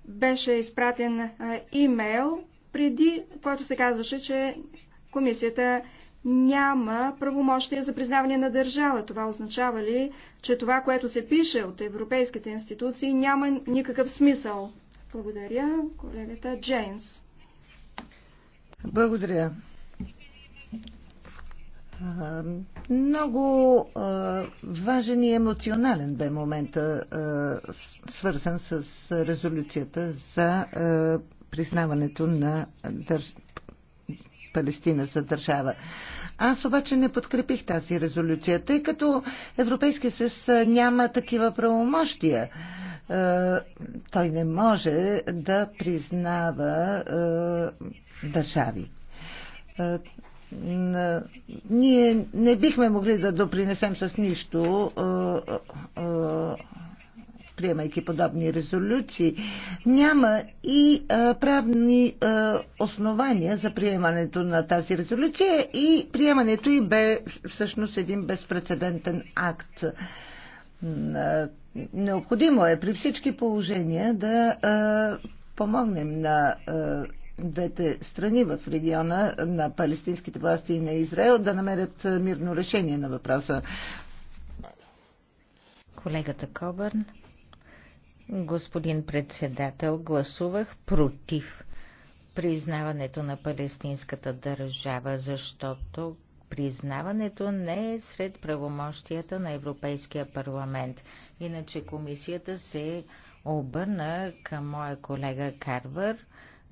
беше изпратен имейл, преди който се казваше, че комисията няма правомощия за признаване на държава. Това означава ли, че това, което се пише от европейските институции, няма никакъв смисъл? Благодаря, колегата Джейнс. Благодаря. Много важен и емоционален бе момента, свързан с резолюцията за признаването на държ... Палестина за държава. Аз обаче не подкрепих тази резолюция, тъй като Европейския съюз няма такива правомощия. Той не може да признава държави. Е, е, ние не бихме могли да допринесем с нищо е, приемайки подобни резолюции, няма и правни основания за приемането на тази резолюция и приемането и бе всъщност един безпредседентен акт. Необходимо е при всички положения да помогнем на двете страни в региона на палестинските власти и на Израел да намерят мирно решение на въпроса. Колегата Кобърн, господин председател, гласувах против признаването на палестинската държава, защото признаването не е сред правомощията на Европейския парламент. Иначе комисията се обърна към моя колега Карвар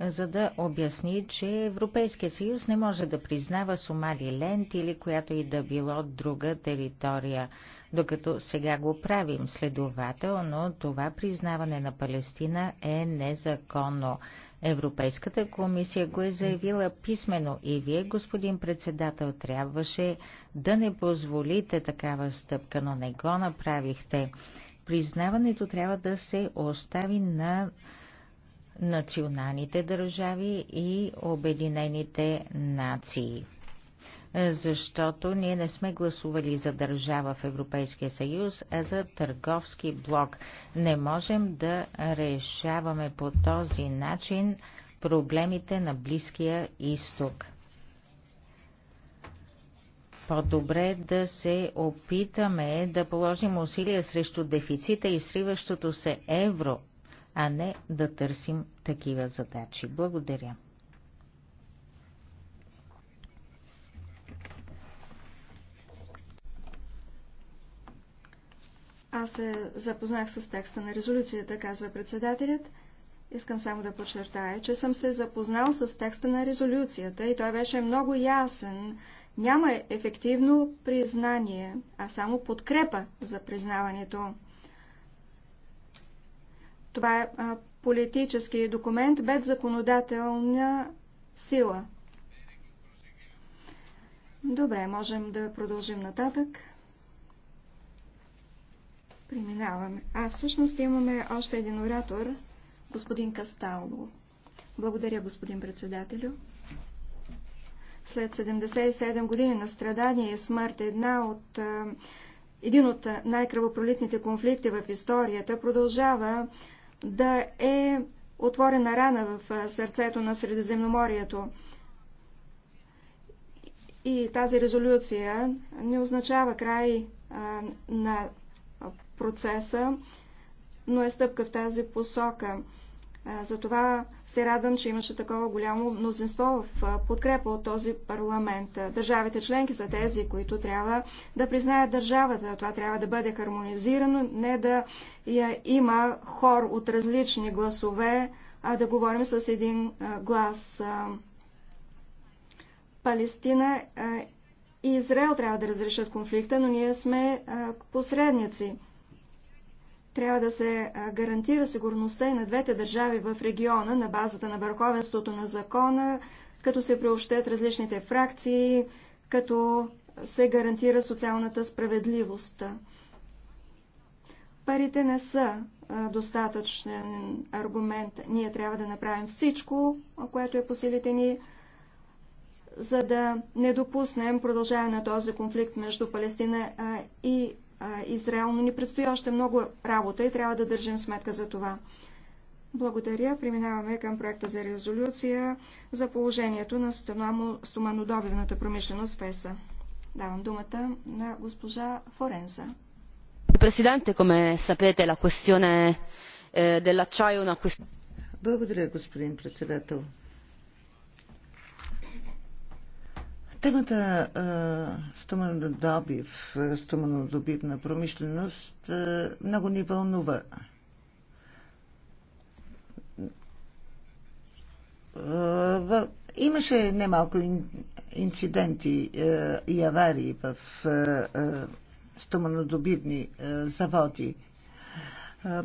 за да обясни, че Европейския съюз не може да признава Сомали Ленд или която и да било друга територия, докато сега го правим. Следователно, това признаване на Палестина е незаконно. Европейската комисия го е заявила писменно и вие, господин председател, трябваше да не позволите такава стъпка, но не го направихте. Признаването трябва да се остави на националните държави и Обединените нации. Защото ние не сме гласували за държава в Европейския съюз, а за търговски блок. Не можем да решаваме по този начин проблемите на Близкия изток. По-добре е да се опитаме да положим усилия срещу дефицита и сриващото се евро, а не да търсим такива задачи. Благодаря. Аз се запознах с текста на резолюцията, казва председателят. Искам само да подчертая, че съм се запознал с текста на резолюцията и той беше много ясен. Няма ефективно признание, а само подкрепа за признаването. Това е политически документ без законодателна сила. Добре, можем да продължим нататък. Преминаваме. А, всъщност имаме още един оратор, господин Касталло. Благодаря, господин председателю. След 77 години на страдание и смърт една от, един от най-кръвопролитните конфликти в историята продължава да е отворена рана в сърцето на Средиземноморието. И тази резолюция не означава край на процеса, но е стъпка в тази посока. Затова се радвам, че имаше такова голямо мнозинство в подкрепа от този парламент. Държавите членки са тези, които трябва да признаят държавата. Това трябва да бъде хармонизирано, не да я има хор от различни гласове, а да говорим с един глас. Палестина и Израел трябва да разрешат конфликта, но ние сме посредници. Трябва да се гарантира сигурността и на двете държави в региона на базата на върховенството на закона, като се приобщат различните фракции, като се гарантира социалната справедливост. Парите не са достатъчен аргумент. Ние трябва да направим всичко, което е по силите ни, за да не допуснем продължаване на този конфликт между Палестина и Израел, но ни предстои още много работа и трябва да държим сметка за това. Благодаря. Преминаваме към проекта за резолюция за положението на стоманодобивната промишленост в ЕСА. Е. Давам думата на госпожа Форенса. Президенте, коме сапете, ла questione dell'acciaio è una questione... Благодаря, господин председател. Темата стоманодобив, стоманодобивна промишленост много ни вълнува. Имаше немалко инциденти и аварии в стоманодобивни заводи.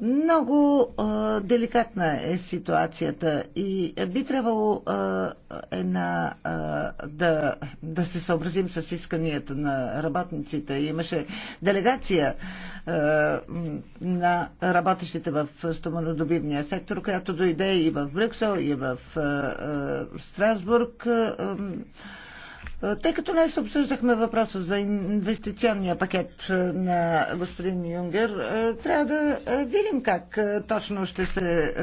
Много а, деликатна е ситуацията и би трябвало а, една, а, да, да се съобразим с исканията на работниците. Имаше делегация а, на работещите в стоманодобивния сектор, която дойде и в Брюксел, и в а, а, Страсбург. А, тъй като днес обсъждахме въпроса за инвестиционния пакет е, на господин Юнгер, е, трябва да е, видим как точно ще се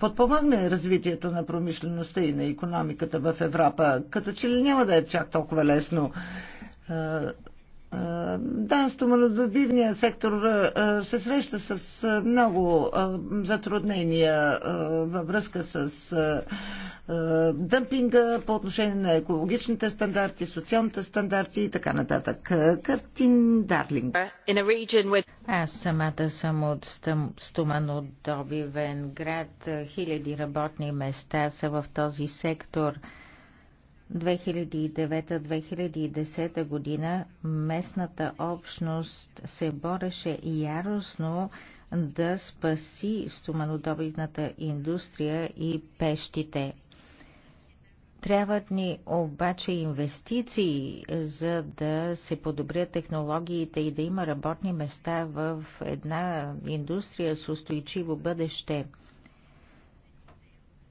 подпомогне развитието на промишлеността и на економиката в Европа. Като че ли няма да е чак толкова лесно да, стоманодобивният сектор се среща с много затруднения във връзка с дъмпинга по отношение на екологичните стандарти, социалните стандарти и така нататък. Картин Дарлинг. With... Аз самата съм от стоманодобивен град. Хиляди работни места са в този сектор – 2009-2010 година местната общност се бореше яростно да спаси стоманодобивната индустрия и пещите. Трябват ни обаче инвестиции, за да се подобрят технологиите и да има работни места в една индустрия с устойчиво бъдеще.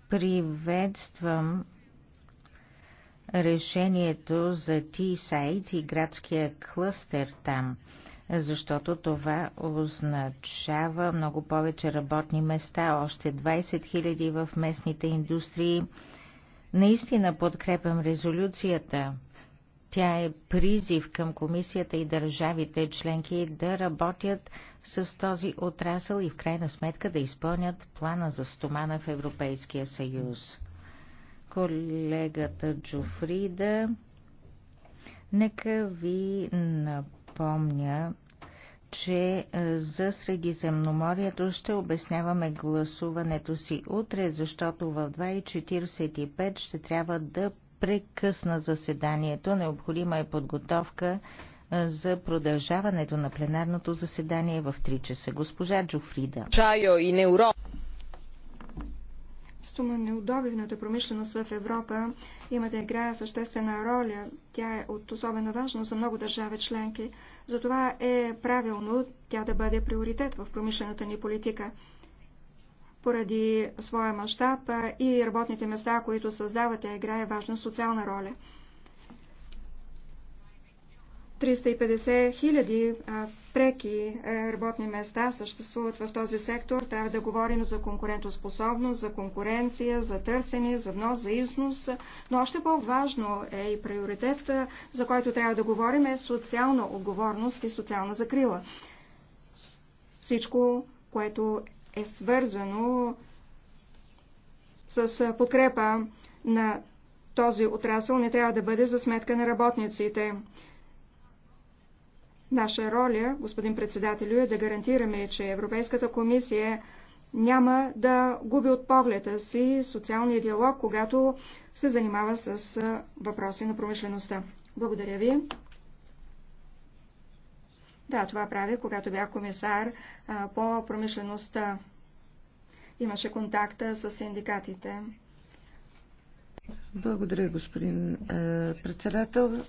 Приветствам решението за Тисайд и градския клъстер там, защото това означава много повече работни места, още 20 000 в местните индустрии. Наистина подкрепям резолюцията. Тя е призив към комисията и държавите членки да работят с този отрасъл и в крайна сметка да изпълнят плана за стомана в Европейския съюз колегата Джуфрида. Нека ви напомня, че е, за Средиземноморието ще обясняваме гласуването си утре, защото в 2.45 ще трябва да прекъсна заседанието. Необходима е подготовка е, за продължаването на пленарното заседание в 3 часа. Госпожа Джуфрида. Чайо и Неуро. Стоманеодобивната промишленост в Европа има да играе съществена роля. Тя е от особена важност за много държави членки. Затова е правилно тя да бъде приоритет в промишлената ни политика. Поради своя мащаб и работните места, които създават, тя играе важна социална роля. 350 хиляди преки е, работни места съществуват в този сектор. Трябва да говорим за конкурентоспособност, за конкуренция, за търсене, за внос, за износ. Но още по-важно е и приоритет, е, за който трябва да говорим, е социална отговорност и социална закрила. Всичко, което е свързано с е, подкрепа на този отрасъл, не трябва да бъде за сметка на работниците. Наша роля, господин председателю, е да гарантираме, че Европейската комисия няма да губи от погледа си социалния диалог, когато се занимава с въпроси на промишлеността. Благодаря ви. Да, това прави, когато бях комисар по промишлеността. Имаше контакта с синдикатите. Благодаря, господин председател.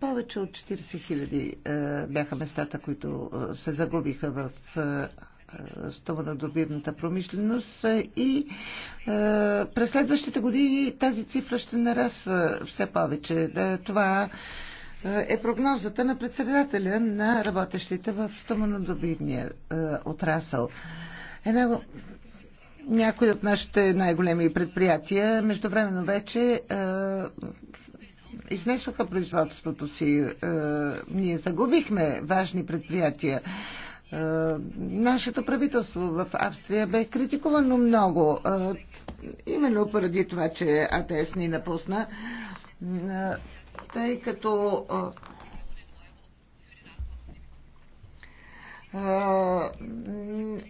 Повече от 40 хиляди е, бяха местата, които е, се загубиха в е, стоманодобивната промишленост и е, през следващите години тази цифра ще нарасва все повече. Това е прогнозата на председателя на работещите в стоманодобивния е, отрасъл. Една някои от нашите най-големи предприятия междувременно вече е, изнесоха производството си. Е, ние загубихме важни предприятия. Е, нашето правителство в Австрия бе критикувано много, е, именно поради това, че АТС ни напусна, тъй като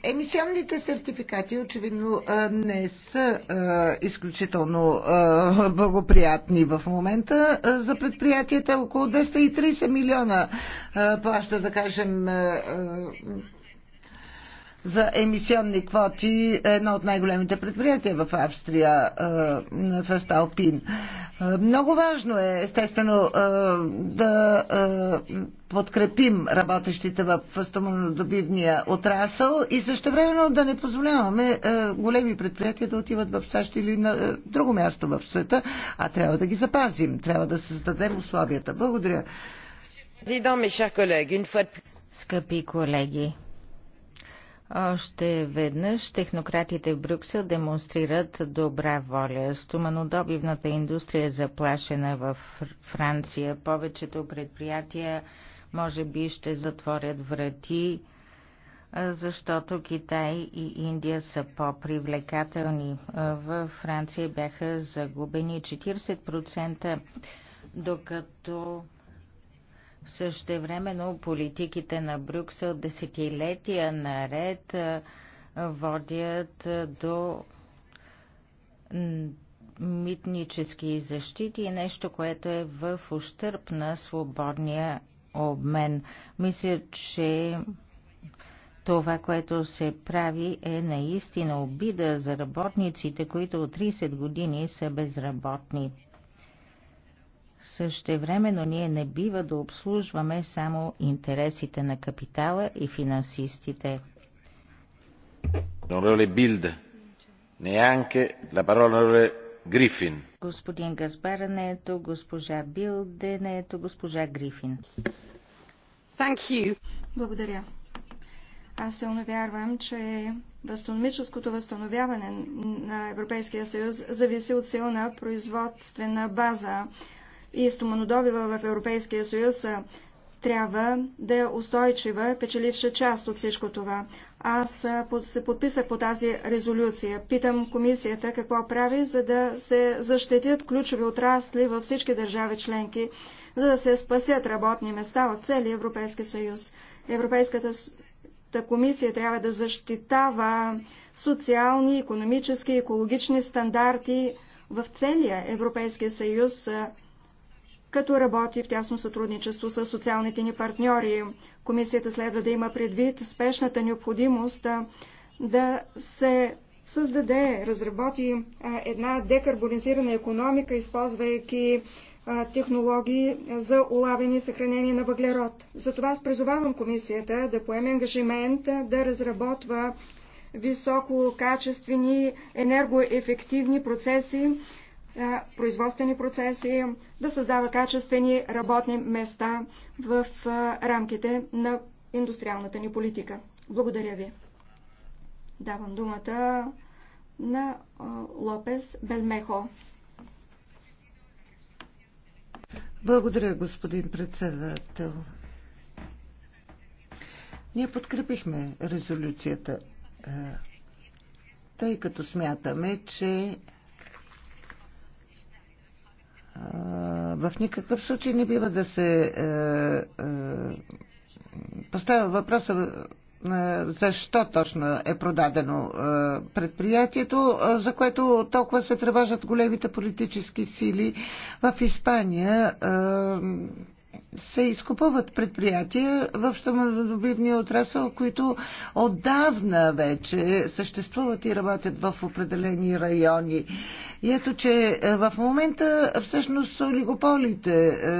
Емисионните сертификати очевидно не са изключително благоприятни в момента. За предприятията около 230 милиона плаща, да кажем, за емисионни квоти едно от най-големите предприятия в Австрия, в Асталпин. Е, много важно е, естествено, е, да е, подкрепим работещите в стоманодобивния отрасъл и също времено да не позволяваме големи предприятия да отиват в САЩ или на друго място в света, а трябва да ги запазим, трябва да създадем условията. Благодаря. Скъпи колеги, още веднъж технократите в Брюксел демонстрират добра воля. Стоманодобивната индустрия е заплашена в Франция. Повечето предприятия може би ще затворят врати, защото Китай и Индия са по-привлекателни. В Франция бяха загубени 40%, докато Същевременно политиките на Брюксел десетилетия наред водят до митнически защити и нещо, което е в ущърп на свободния обмен. Мисля, че това, което се прави е наистина обида за работниците, които от 30 години са безработни. Същевременно ние не бива да обслужваме само интересите на капитала и финансистите. Господин Гаспара не ето, госпожа Билде не ето, госпожа Грифин. Благодаря. Аз силно вярвам, че възстановическото възстановяване на Европейския съюз зависи от силна производствена база и стоманодобива в Европейския съюз трябва да е устойчива, печеливша част от всичко това. Аз се подписах по тази резолюция. Питам комисията какво прави, за да се защитят ключови отрасли във всички държави членки, за да се спасят работни места в целия Европейски съюз. Европейската комисия трябва да защитава социални, економически, екологични стандарти в целия Европейския съюз, като работи в тясно сътрудничество с социалните ни партньори. Комисията следва да има предвид спешната необходимост да се създаде, разработи една декарбонизирана економика, използвайки технологии за улавяне и съхранение на въглерод. Затова аз призовавам комисията да поеме ангажимент да разработва висококачествени енергоефективни процеси производствени процеси, да създава качествени работни места в рамките на индустриалната ни политика. Благодаря ви. Давам думата на Лопес Белмехо. Благодаря, господин председател. Ние подкрепихме резолюцията, тъй като смятаме, че в никакъв случай не бива да се е, е, поставя въпроса е, защо точно е продадено предприятието, за което толкова се тревожат големите политически сили в Испания се изкупуват предприятия в щамодобивния отрасъл, които отдавна вече съществуват и работят в определени райони. И ето, че е, в момента всъщност олигополите е,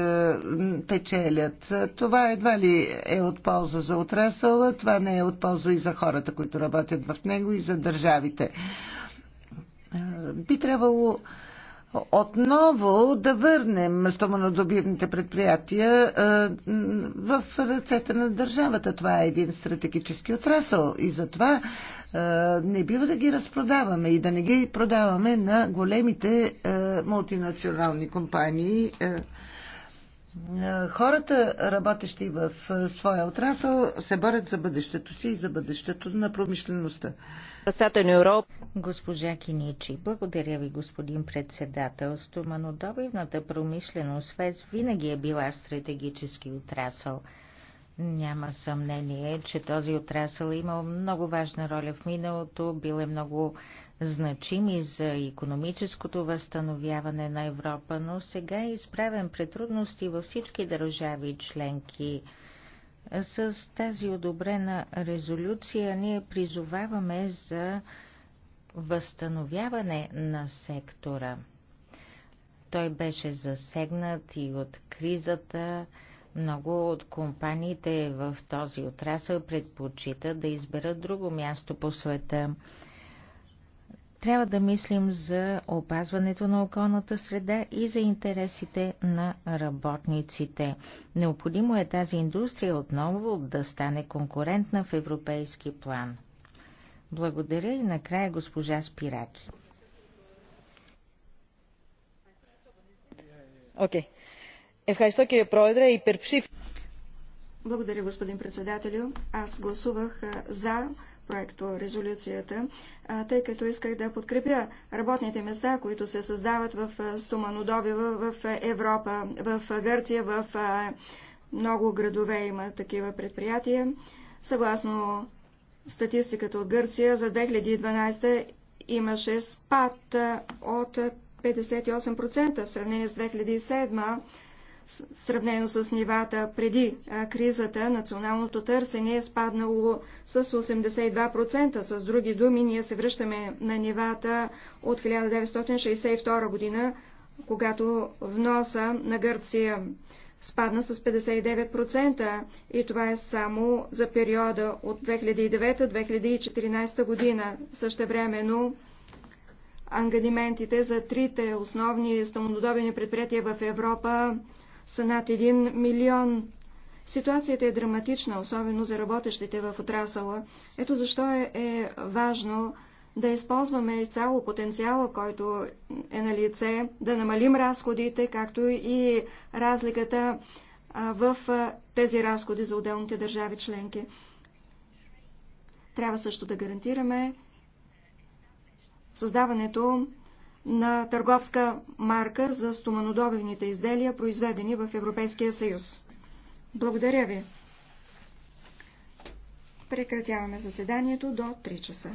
печелят. Това едва ли е от полза за отрасъла, това не е от полза и за хората, които работят в него, и за държавите. Е, би трябвало отново да върнем стоманодобивните предприятия е, в ръцете на държавата. Това е един стратегически отрасъл и затова е, не бива да ги разпродаваме и да не ги продаваме на големите е, мултинационални компании е, хората, работещи в е, своя отрасъл, се борят за бъдещето си и за бъдещето на промишлеността. Госпожа Киничи, благодаря ви, господин председател. Стоманодобивната промишленост ВЕС винаги е била стратегически отрасъл. Няма съмнение, че този отрасъл е имал много важна роля в миналото, бил е много значими за економическото възстановяване на Европа, но сега е изправен пред трудности във всички държави и членки. С тази одобрена резолюция ние призоваваме за възстановяване на сектора. Той беше засегнат и от кризата. Много от компаниите в този отрасъл предпочитат да изберат друго място по света. Трябва да мислим за опазването на околната среда и за интересите на работниците. Необходимо е тази индустрия отново да стане конкурентна в европейски план. Благодаря и накрая госпожа Спираки. Okay. кире проведра и перпшив. Благодаря, господин председателю. Аз гласувах за проекто резолюцията, тъй като исках да подкрепя работните места, които се създават в стоманодобива в Европа, в Гърция, в много градове има такива предприятия. Съгласно статистиката от Гърция, за 2012 имаше спад от 58% в сравнение с 2007 сравнено с нивата преди кризата, националното търсене е спаднало с 82%. С други думи, ние се връщаме на нивата от 1962 година, когато вноса на Гърция спадна с 59% и това е само за периода от 2009-2014 година. Същевременно ангадиментите за трите основни стълнодобени предприятия в Европа са над 1 милион. Ситуацията е драматична, особено за работещите в отрасъла. Ето защо е, е важно да използваме цяло потенциала, който е на лице, да намалим разходите, както и разликата в тези разходи за отделните държави членки. Трябва също да гарантираме създаването на търговска марка за стоманодобивните изделия, произведени в Европейския съюз. Благодаря ви. Прекратяваме заседанието до 3 часа.